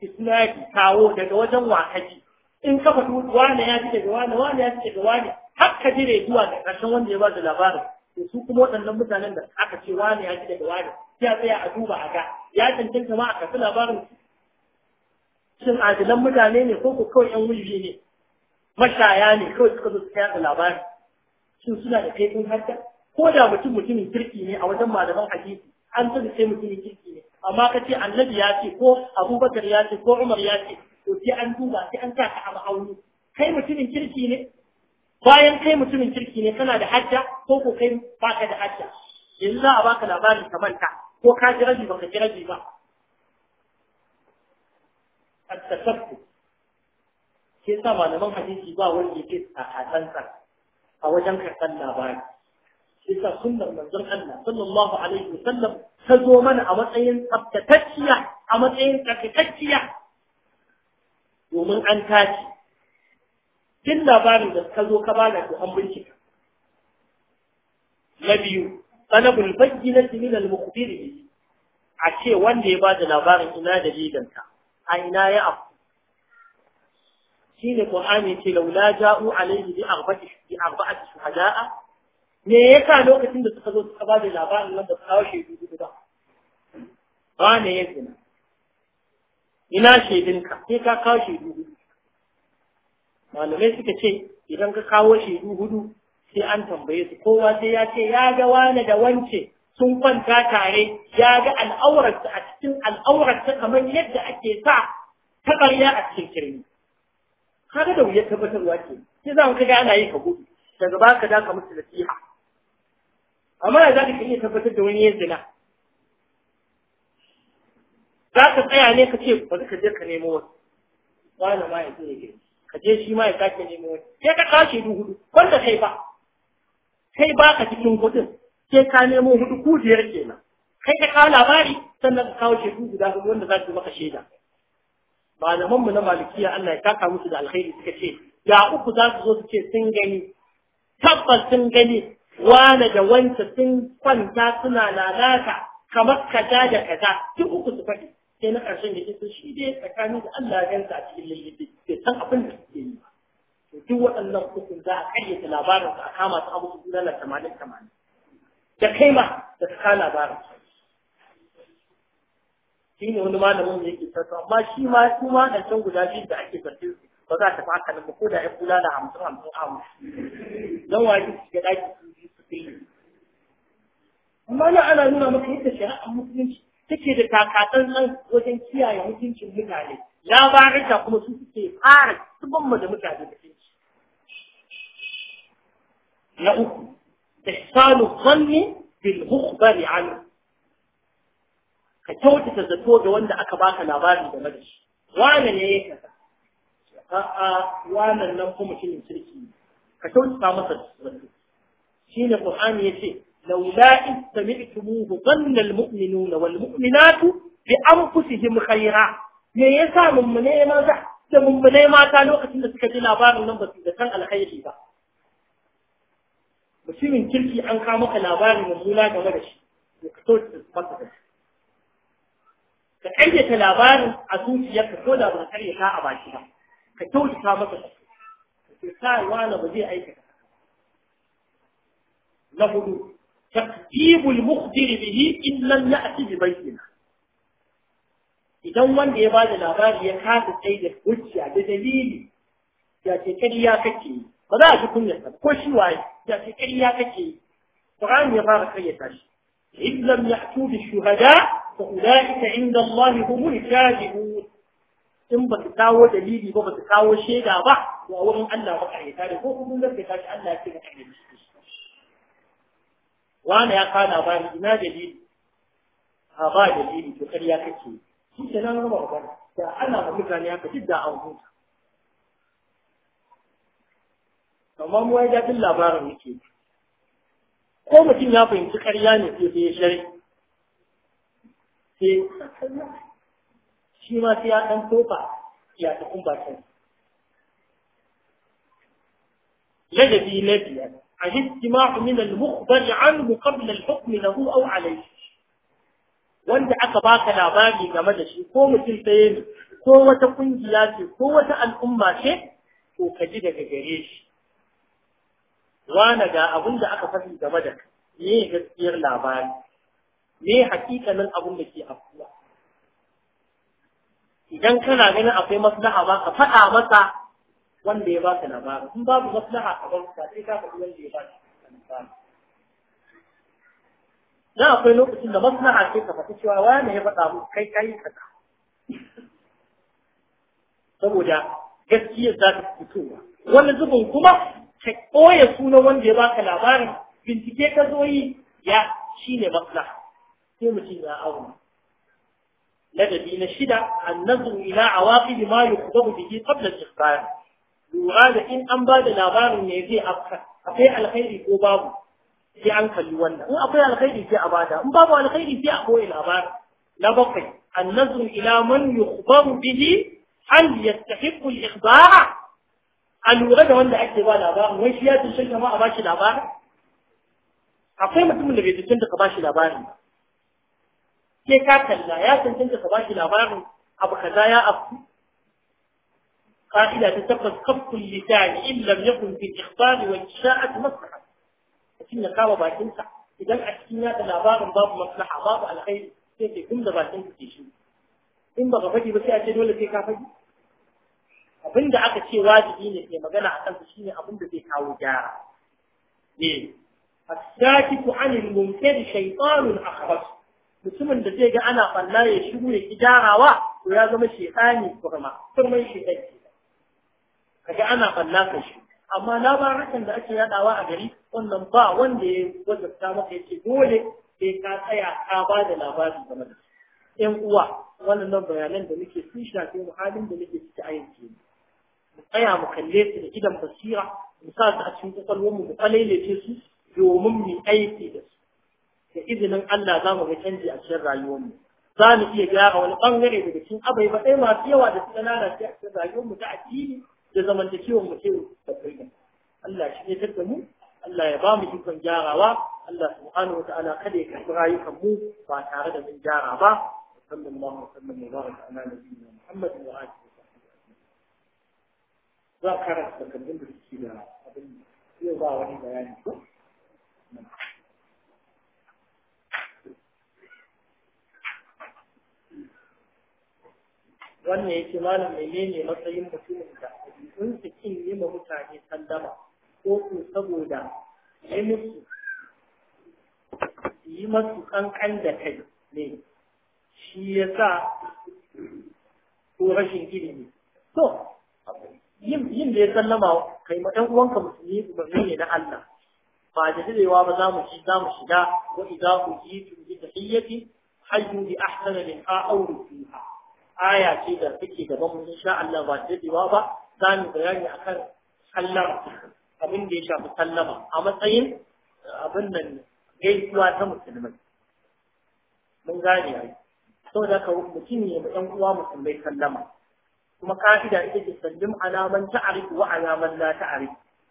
isnadi kawo daga wajen wakaji in ka faɗi wane ya fi daga wane wane ya fi daga wane Haka ka jire zuwa da ƙarshen wanda ya ba da labarin to su kuma waɗannan mutanen da aka ce wani ya ji daga wani ya tsaya a duba a ga ya cancanta ma a kafi labarin shin adilan mutane ne ko ko kawai yan wuyi ne mashaya ne kawai suka zo su kai da labarin shin suna da kaifin hajja ko da mutum mutumin kirki ne a wajen malaman hadisi an san sai mutumin kirki ne amma ka ce annabi ya ce ko abubakar ya ce ko umar ya ce to sai an duba sai an sa ka a ma'auni kai mutumin kirki ne bayan kai mutumin kirki ne kana da hajja ko ko kai baka da hajja yanzu za a baka labarin ka manta ko ka ji rabi baka ji rabi ba at-tasaffu sai sa malaman hadisi ba wanda yake a hatsansa a wajen karɓar labari sai sa sunnar manzon Allah sallallahu alaihi wasallam ta zo mana a matsayin tsaftatacciya a matsayin tsaftatacciya domin an tashi duk labarin da ka zo ka bada to an bincika na biyu talabul bayyinati min al ne. a ce wanda ya bada labarin ina da ka a ina ya afu ne qur'ani ce laula ja'u alayhi bi arba'ati bi arba'ati shuhada'a me yasa lokacin da suka zo suka bada labarin nan ba su kawo shaidu ba ba ne ya zina ina shaidinka sai ka kawo shaidu malamai suka ce idan ka kawo shaidu hudu sai an tambaye su kowa sai ya ce ya ga wani da wance sun kwanta tare ya ga al'aurarsa a cikin al'aurarsa kamar yadda ake sa ta ƙarya a cikin kirmi kaga da wuyar tabbatarwa ke sai za mu kaga ana yi ka gudu daga ba ka daka musu siya amma da za ka iya tabbatar da wani ya zina za ka tsaya ne ka ce ba ka je ka nemo wasu wani ma ya zo ya ka je shi ma ya sake nemo wani sai ka tashi du hudu wanda kai ba kai ba ka cikin kudin sai ka nemo hudu ku biyar kenan kai ka kawo labari sannan ka kawo shaidu guda hudu wanda za su maka shaida malamanmu na malikiya Allah ya kaka musu da alkhairi suka ce ya uku za su zo su ce sun gani tabbas sun gani wane da wancan sun kwanta suna lalata kamar kaza da kaza duk uku su faɗi sai na ƙarshen ya kisa shi dai tsakanin da Allah ya ganta a cikin lullubi bai san abin da suke yi ba to duk waɗannan hukun za a ƙayyata labarin a kama su abu su dala tamanin tamanin da kai ma da ka kawo labarin shi ne wani malamin da yake sassa amma shi ma su ma da can guda biyu da ake sarfin su ba za ta faka ba ko da ya kula da hamsin hamsin amu don wa su shiga ɗaki su biyu su yi amma na ana nuna maka yadda shari'a musulunci take da nan wajen kiyaye hukuncin mutane labaranta kuma su suke fara tsibin da mutane da kinci na uku ihsanu zanni bil hukbari an ka kyautata zato da wanda aka baka labari game da shi wane ne ya kasa a'a wannan nan kuma shi ne sirki ka kyautata masa zato shine qur'ani yace لولا إن سمعتموه ظن المؤمنون والمؤمنات بأنفسهم خيرا me yasa mummune ma za mummune mata lokacin da suka ji labarin nan ba su da san alkhairi ba mutumin kirki an kama maka labarin mummuna game da shi to ka so ta masa ka kayyata labarin a zuciyarka ko da ba a baki ba ka kyautata masa da ka ce sai wani ba zai na hudu تكذيب المخبر به إن لم يأتي ببينة idan wanda ya bada labari ya kada sai da hujja da dalili ya ce kariya kake ba za a ji ko shi waye ya ce kariya kake Qur'an ya fara kayyata shi in lam ya'tu bi shuhada fa ulaika inda Allah humul shahidun in ba su kawo dalili ba ba kawo shaida ba a wurin Allah ba kayyata da ko Allah ce wani ya kana labari ina dalili a ba dalili to ya kace shi ke nan raba ba da ana ba mutane haka duk da an huta amma mu ya daɗin labarin yake ko mutum ya fahimci ƙarya ne sai sai ya shari sai shi ma sai ya ɗan tofa ya ta kumbatar ladabi na biyar الاجتماع من المخبر عنه قبل الحكم له أو عليه wanda aka baka labari game da shi ko mutum ɗaya ko wata kungiya ce ko wata al'umma ce to ka ji daga gare shi wani ga aka faɗi game da me gaskiyar labari me hakikanin abin da ke afuwa idan kana ganin akwai maslaha ba faɗa masa wanda ya baka labarin in babu maslaha a ban ka sai ka faɗi wanda ya baka labarin akwai lokacin da maslaha sai ka faɗi cewa wani ya faɗa mu kai kai kaza saboda gaskiyar za ta fitowa wani zubin kuma ka ɓoye sunan wanda ya baka labarin bincike ka zo yi ya shi ne maslaha sai mutum ya auna ladabi na shida annazu ila awaqib ma yuqdabu bihi qabla al-ikhbar lura da in an ba da labarin ne zai afka akwai alkhairi ko babu sai an kalli wannan in akwai alkhairi sai a bada in babu alkhairi sai a koyi labarin na bakwai annazru ila man yukhbaru bihi hal yastahiqu al-ikhbara a lura da wanda ake ba labarin wai shi ya tushe ma a bashi labarin akwai mutumin da bai cancanta ka bashi labarin sai ka kalla ya cancanta ka bashi labarin abu kaza ya afku قائلة تتفز كف اللسان إن لم يكن في الإخبار والإشاعة مصلحة لكن قام باكنسا إذا أكتنا تلابار باب مصلحة باب على خير سيدي كم دباكنسا تشيء إن بقى فجي بس أجل ولا فيك فجي abin da aka ce wajibi ne ke magana a kansa shine abin da zai kawo gyara ne as-sakitu 'anil munkar mutumin da zai ga ana falla ya shigo ya ki gyarawa to ya zama shaytani kurma kurman shaytani kaga ana fallakan shi amma labarukan da ake yadawa a gari wannan ba wanda ya wajabta maka yace dole sai ka tsaya ka ba da labari game da uwa wannan bayanan da muke sun shafe mu halin da muke ciki a yanzu mu tsaya mu kalle su da idan basira mu sa su a cikin kwakwalwar mu mu kalailace su domin mu aiki da su da izinin Allah za mu ga canji a cikin rayuwarmu. za mu iya gyara wani bangare daga cikin abai ba ɗaya masu yawa da suka lalace a cikin rayuwar mu ta addini da zamantakewar mu sai ta Allah shi ne da mu Allah ya ba mu ikon gyarawa Allah subhanahu wa ta'ala kada ya karɓi rayukan mu ba tare da mun gyara ba sallallahu alaihi wa sallam wa baraka ala nabiyyina Muhammad wa alihi wa sahbihi za karanta da da abin yau ba wani bayani ko wannan yake malam menene matsayin mutumin da in su kin yi ma mutane sallama ko ku saboda yi musu yi masu kankan da kai ne shi ya sa ko rashin ne to yin da ya sallama kai ma ɗan uwanka musulmi ba ne na Allah ba da dadewa ba za mu ci za mu shiga wa idza ujitu bi tahiyyati hayyu bi ahsana min a'awru fiha aya ce da take gaban mu insha Allah ba dadewa ba za mu bayani akan sallama abin da ya shafi sallama a matsayin abin nan gaisuwa ta musulmai mun gane ai da ka mutum ne ɗan uwa musulmai sallama kuma ka'ida ita ce sallim alaman ta'arif wa alaman la ta'arif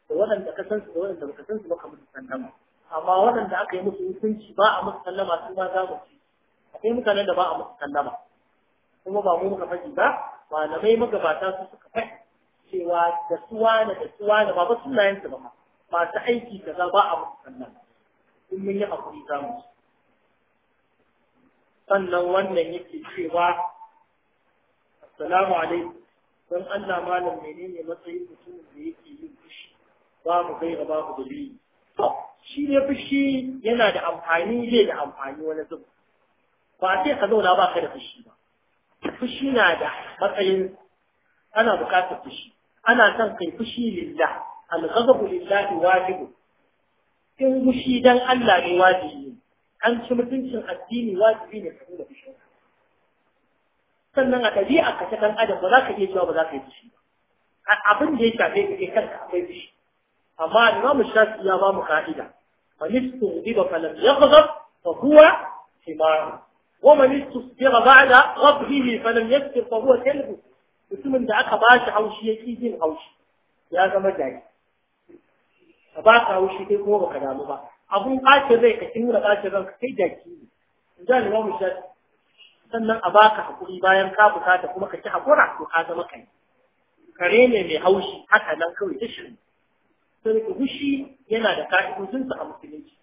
da waɗanda ka san su da waɗanda ka san su ka musu sallama amma waɗanda aka yi musu hukunci ba a musu sallama su ma za mu ci akwai mutanen da ba a musu sallama kuma ba mu muka faɗi ba malamai magabata su suka faɗi cewa da suwana da suwana ba ba sunayen su ba masu aiki za ba a musu sannan in mun yi hakuri za mu sannan wannan yake cewa assalamu alaikum don Allah malam menene matsayin mutumin da yake yin fushi ba mu bai ba mu dalili to shi ne fushi yana da amfani zai da amfani wani zuba ba sai ka zauna ba ka da fushi ba fushi na da matsayin ana bukatar fushi ana son kai fushi lillah al-ghadabu lillahi wajibu in fushi dan Allah ne wajibi an ci mutuncin addini wajibi ne ka nuna fushi sannan a ɗabi'a ka ta ɗan adam ba za ka iya cewa ba za ka yi fushi ba abin da ya shafe ka kai kanka akwai fushi amma Imam Shafi ya ba mu ka'ida fa nistu diba falam yaghdab fa huwa himar ومن استصبر بعد غضبه فلم يكفر فهو كلبه mutumin da aka ba shi haushi ya ƙi jin haushi ya zama jari ka ba ka haushi kai kuma baka damu ba abun ɓacin rai ka kimura ɓacin ka. kai jaki ne in za ni ma mu sannan a ba ka haƙuri bayan ka bukata kuma ka ci haƙura to ka zama kai kare ne mai haushi haka nan kawai ta shirin sai ka hushi yana da ka'idojin sa a musulunci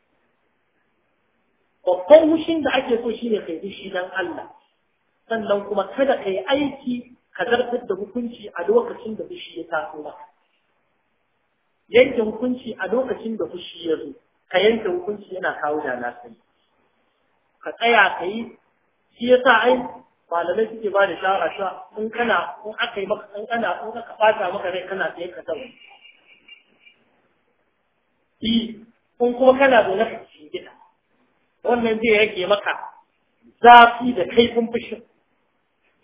babban hushin da ake so shine kai hushi dan Allah sannan kuma kada kai aiki ka zartar da hukunci a lokacin da fushi ya taso ba. yanke hukunci a lokacin da fushi ya zo ka yanke hukunci yana kawo da na sani ka tsaya ka yi shi ya sa ai malamai suke ba da shawara cewa in kana in aka yi maka in kana in aka fata maka rai kana tsaye ka zama yi in kuma kana zaune ka cikin gida wannan zai rage maka zafi da kaifin fushin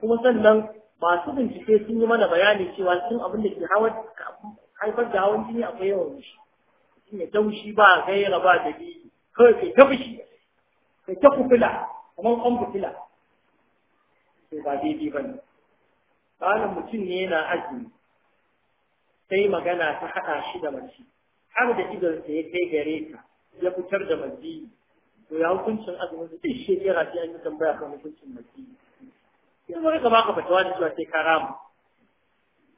kuma sannan masu bincike sun yi mana bayani cewa sun abin da ke haifar da hawan jini akwai yawan rushi shi ne taushi ba gaira ba bi kawai kai ta fushi kai ta kufila kamar an kufila sai ba daidai ba ne ƙanan mutum ne yana ajiye sai magana ta haɗa shi da mace har da idonsa ya kai gare ta ya fitar da maziyi to ya hukuncin azumin duk shekara sai an yi tambaya kan hukuncin maziyi in zo ka baka fatawa da cewa sai ka rama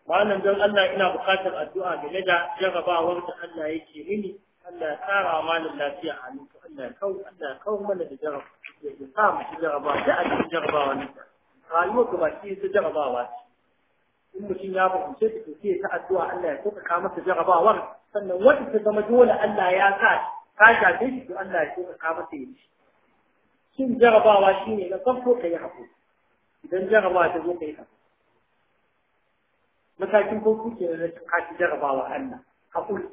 malam don Allah ina bukatar addu'a game da jarrabawar da Allah yake mini Allah ya wa malam lafiya a hannun Allah ya kawo Allah ya kawo mana da jarraba ya sa mu ci jarrabawa da a cikin jarrabawa ne rayuwar ga baki ta jarrabawa ce in mutum ya fahimce ta to sai ta addu'a Allah ya sauka masa jarrabawar sannan wanda ta zama dole Allah ya sa ka shafe shi to Allah ya sauka masa ya ci shin jarrabawa shine na farko ka yi haƙuri idan jarabawa ta zo kai ka matakin farko ke da ka ci jarabawa Allah haƙuri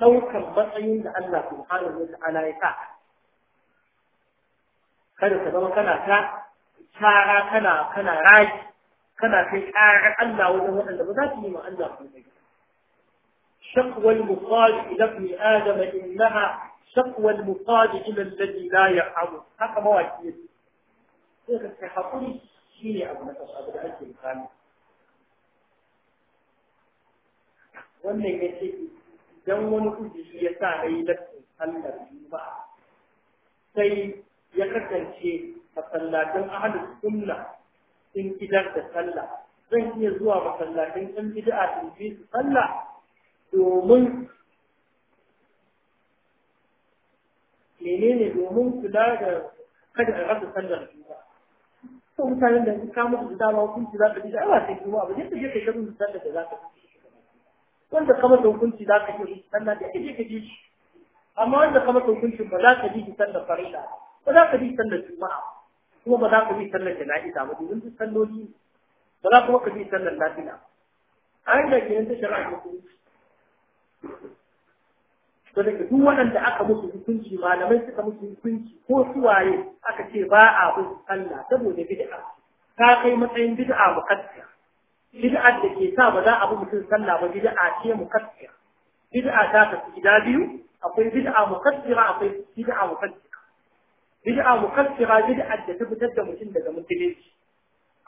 ɗaukar matsayin da Allah subhanahu wa ta'ala ya sa kada ka zama kana ta tsara kana kana raki kana kai ƙarar Allah wajen waɗanda ba za su yi ma Allah su kai شقوى المصاد إلى ابن آدم إنها شقوى المصاد إلى الذي لا يرحمه هذا مواكيد sai ka kai haƙuri shi ne abu na kasu abu da ake misali wannan ya ce idan wani kujiri ya sa rai lafin sallar juma'a sai ya kasance masallatan ahalus sunna sun idar da sallah zan iya zuwa masallatan ɗan bid'a in bi su sallah domin menene domin kula da kada a rasa sallar juma'a ko mutanen da ka mu da dama hukunci za ka bi da ba sai kuma ba ne ka je ka shirin da sallar da za ka wanda kama masa hukunci za ka je sannan da je ka ji shi amma wanda kama masa hukuncin ba za ka bi sannan farida ba za ka bi sannan juma'a kuma ba za ka bi da jana'iza ba domin duk salloli ba za kuma ka bi sallar lafiya a yanda ke ta shari'a ko to daga duk waɗanda aka musu hukunci malamai suka musu hukunci ko suwaye aka ce ba a bin sallah saboda bid'a ta kai matsayin bid'a mukassiya bid'a da ke sa ba za a bi mutum sallah ba bid'a ce mukassiya bid'a ta tafi gida biyu akwai bid'a mukassira akwai bid'a mukassira bid'a mukassira bid'a da ta fitar da mutum daga musulunci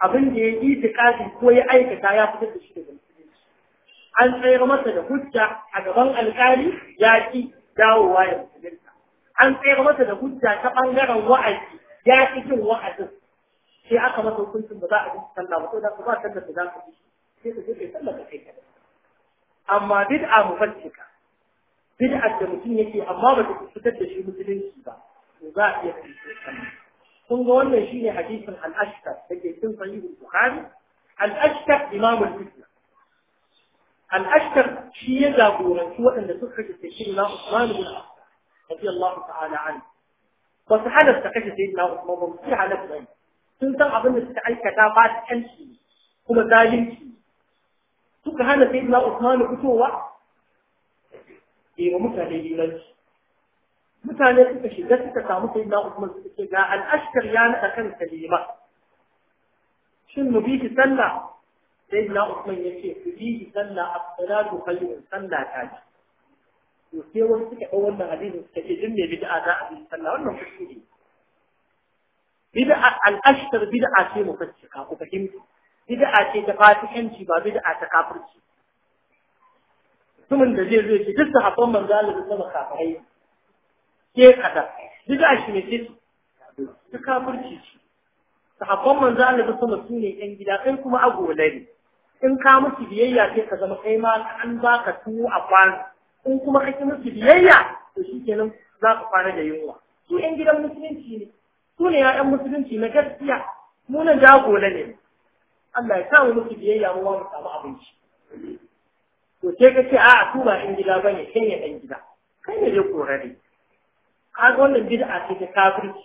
abin da ya yi tikadi ko ya aikata ya fitar da shi daga an tsayar masa da hujja a gaban alkali ya ki dawowa ya musulunta an tsayar masa da hujja ta bangaren wa'azi ya ki jin wa'azin sai aka masa hukuncin ba za a jin sallah ba saboda ba sallah da za su yi sai ka je kai sallah ka kai ka amma bid'a ka. bid'a da mutum yake amma ba ta fitar da shi musulunci ba to za a iya sallah kun ga wannan shine hadisin al-ashkar dake cikin sahih bukhari al-ashkar imamul fitna الأشتر شيء جابورا هو أن تحج سيدنا عثمان بن رضي الله تعالى عنه وسحنا استقيت سيدنا عثمان بن ومسيح على ابنه سنتا عظم استعي كتابات أنسي هم ذالين سوك هانا سيدنا عثمان كتوة إيه ومتالي لنج متالي كتشي ذاتي كتابة سيدنا عثمان كتابة الأشتر يعني أكن كلمة شنو بيه سنة sai na Usman ya ce ku yi sallah as-salatu khayrun sallah ta ce to sai wani suka ɗau wannan hadisin suka ce din mai bid'a za a bi sallah wannan kuskure bid'a al-ashtar bid'a ce mufassika ku fahimta bid'a ce ta fasikanci ba bid'a ta kafirci mutumin da zai zo ce duk sahabban manzo Allah da sama kafirai ke kada bid'a shi ne ce ta kafirci ce sahabban manzo Allah da sama sune yan gida kai kuma agolari in ka musu biyayya sai ka zama kai ma an ba ka tuwo a kwano in kuma ka ki musu biyayya to shi kenan za ka kwana da yunwa su yan gidan musulunci ne su ne ya'yan musulunci na gaskiya mu nan jagola ne Allah ya samu musu biyayya mu mu samu abinci to sai ka ce a'a su ba yan gida bane kai ne yan gida kai ne dai korare kaga wannan bid'a ce ta kafirci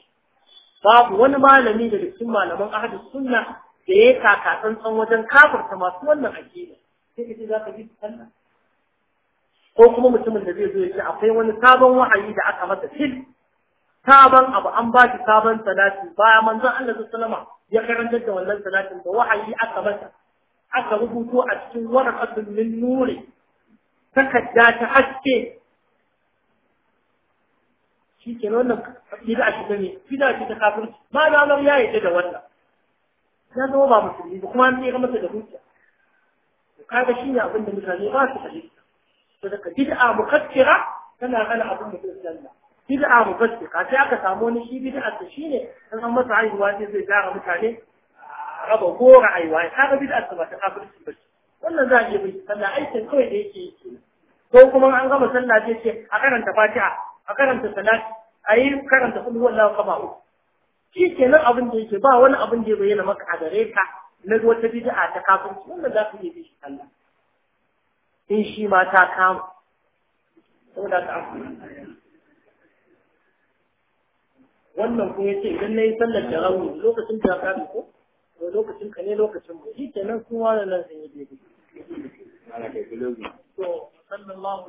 babu wani malami da dukkan malaman ahadus sunna da ya kaka tsantsan wajen kafarta masu wannan aƙida sai ka ce za ka bi su sallah ko kuma mutumin da zai zo ya ce akwai wani sabon wahayi da aka masa fil sabon abu an ba shi sabon salati baya manzon Allah sallama ya karantar da wannan salatin da wahayi aka masa aka rubuto a cikin warqatul min nuri takadda ta haske shi ke wannan bid'a shi ne bid'a shi ta kafin ma da Allah ya yi da wannan ya zama ba musulmi ba kuma an tsira masa da hujja to kaga shine abin da mutane ba su fahimta to daga bid'a mukaffira tana hana abin da zai salla bid'a mukaffira sai aka samu wani shi bid'a ta shine an san masa haihuwa sai zai tara mutane raba gora haihuwa ya kaga bid'a ta ba ta kafirci ba wannan za a yi bai sallah aikin kawai da yake yi ko kuma an gama sallah sai ce a karanta fatiha a karanta salat a yi karanta kullum wallahu kama uku shi kenan abin da yake ba wani abin da ya bayyana maka a gare ka na wata bid'a ta kafirci wannan za ka yi bi shi Allah in shi ma ta kama saboda ka wannan kuma yace idan nayi sallar da rawu lokacin da ka ko lokacin ka ne lokacin mu shi kenan kuma nan sai ya bi to sallallahu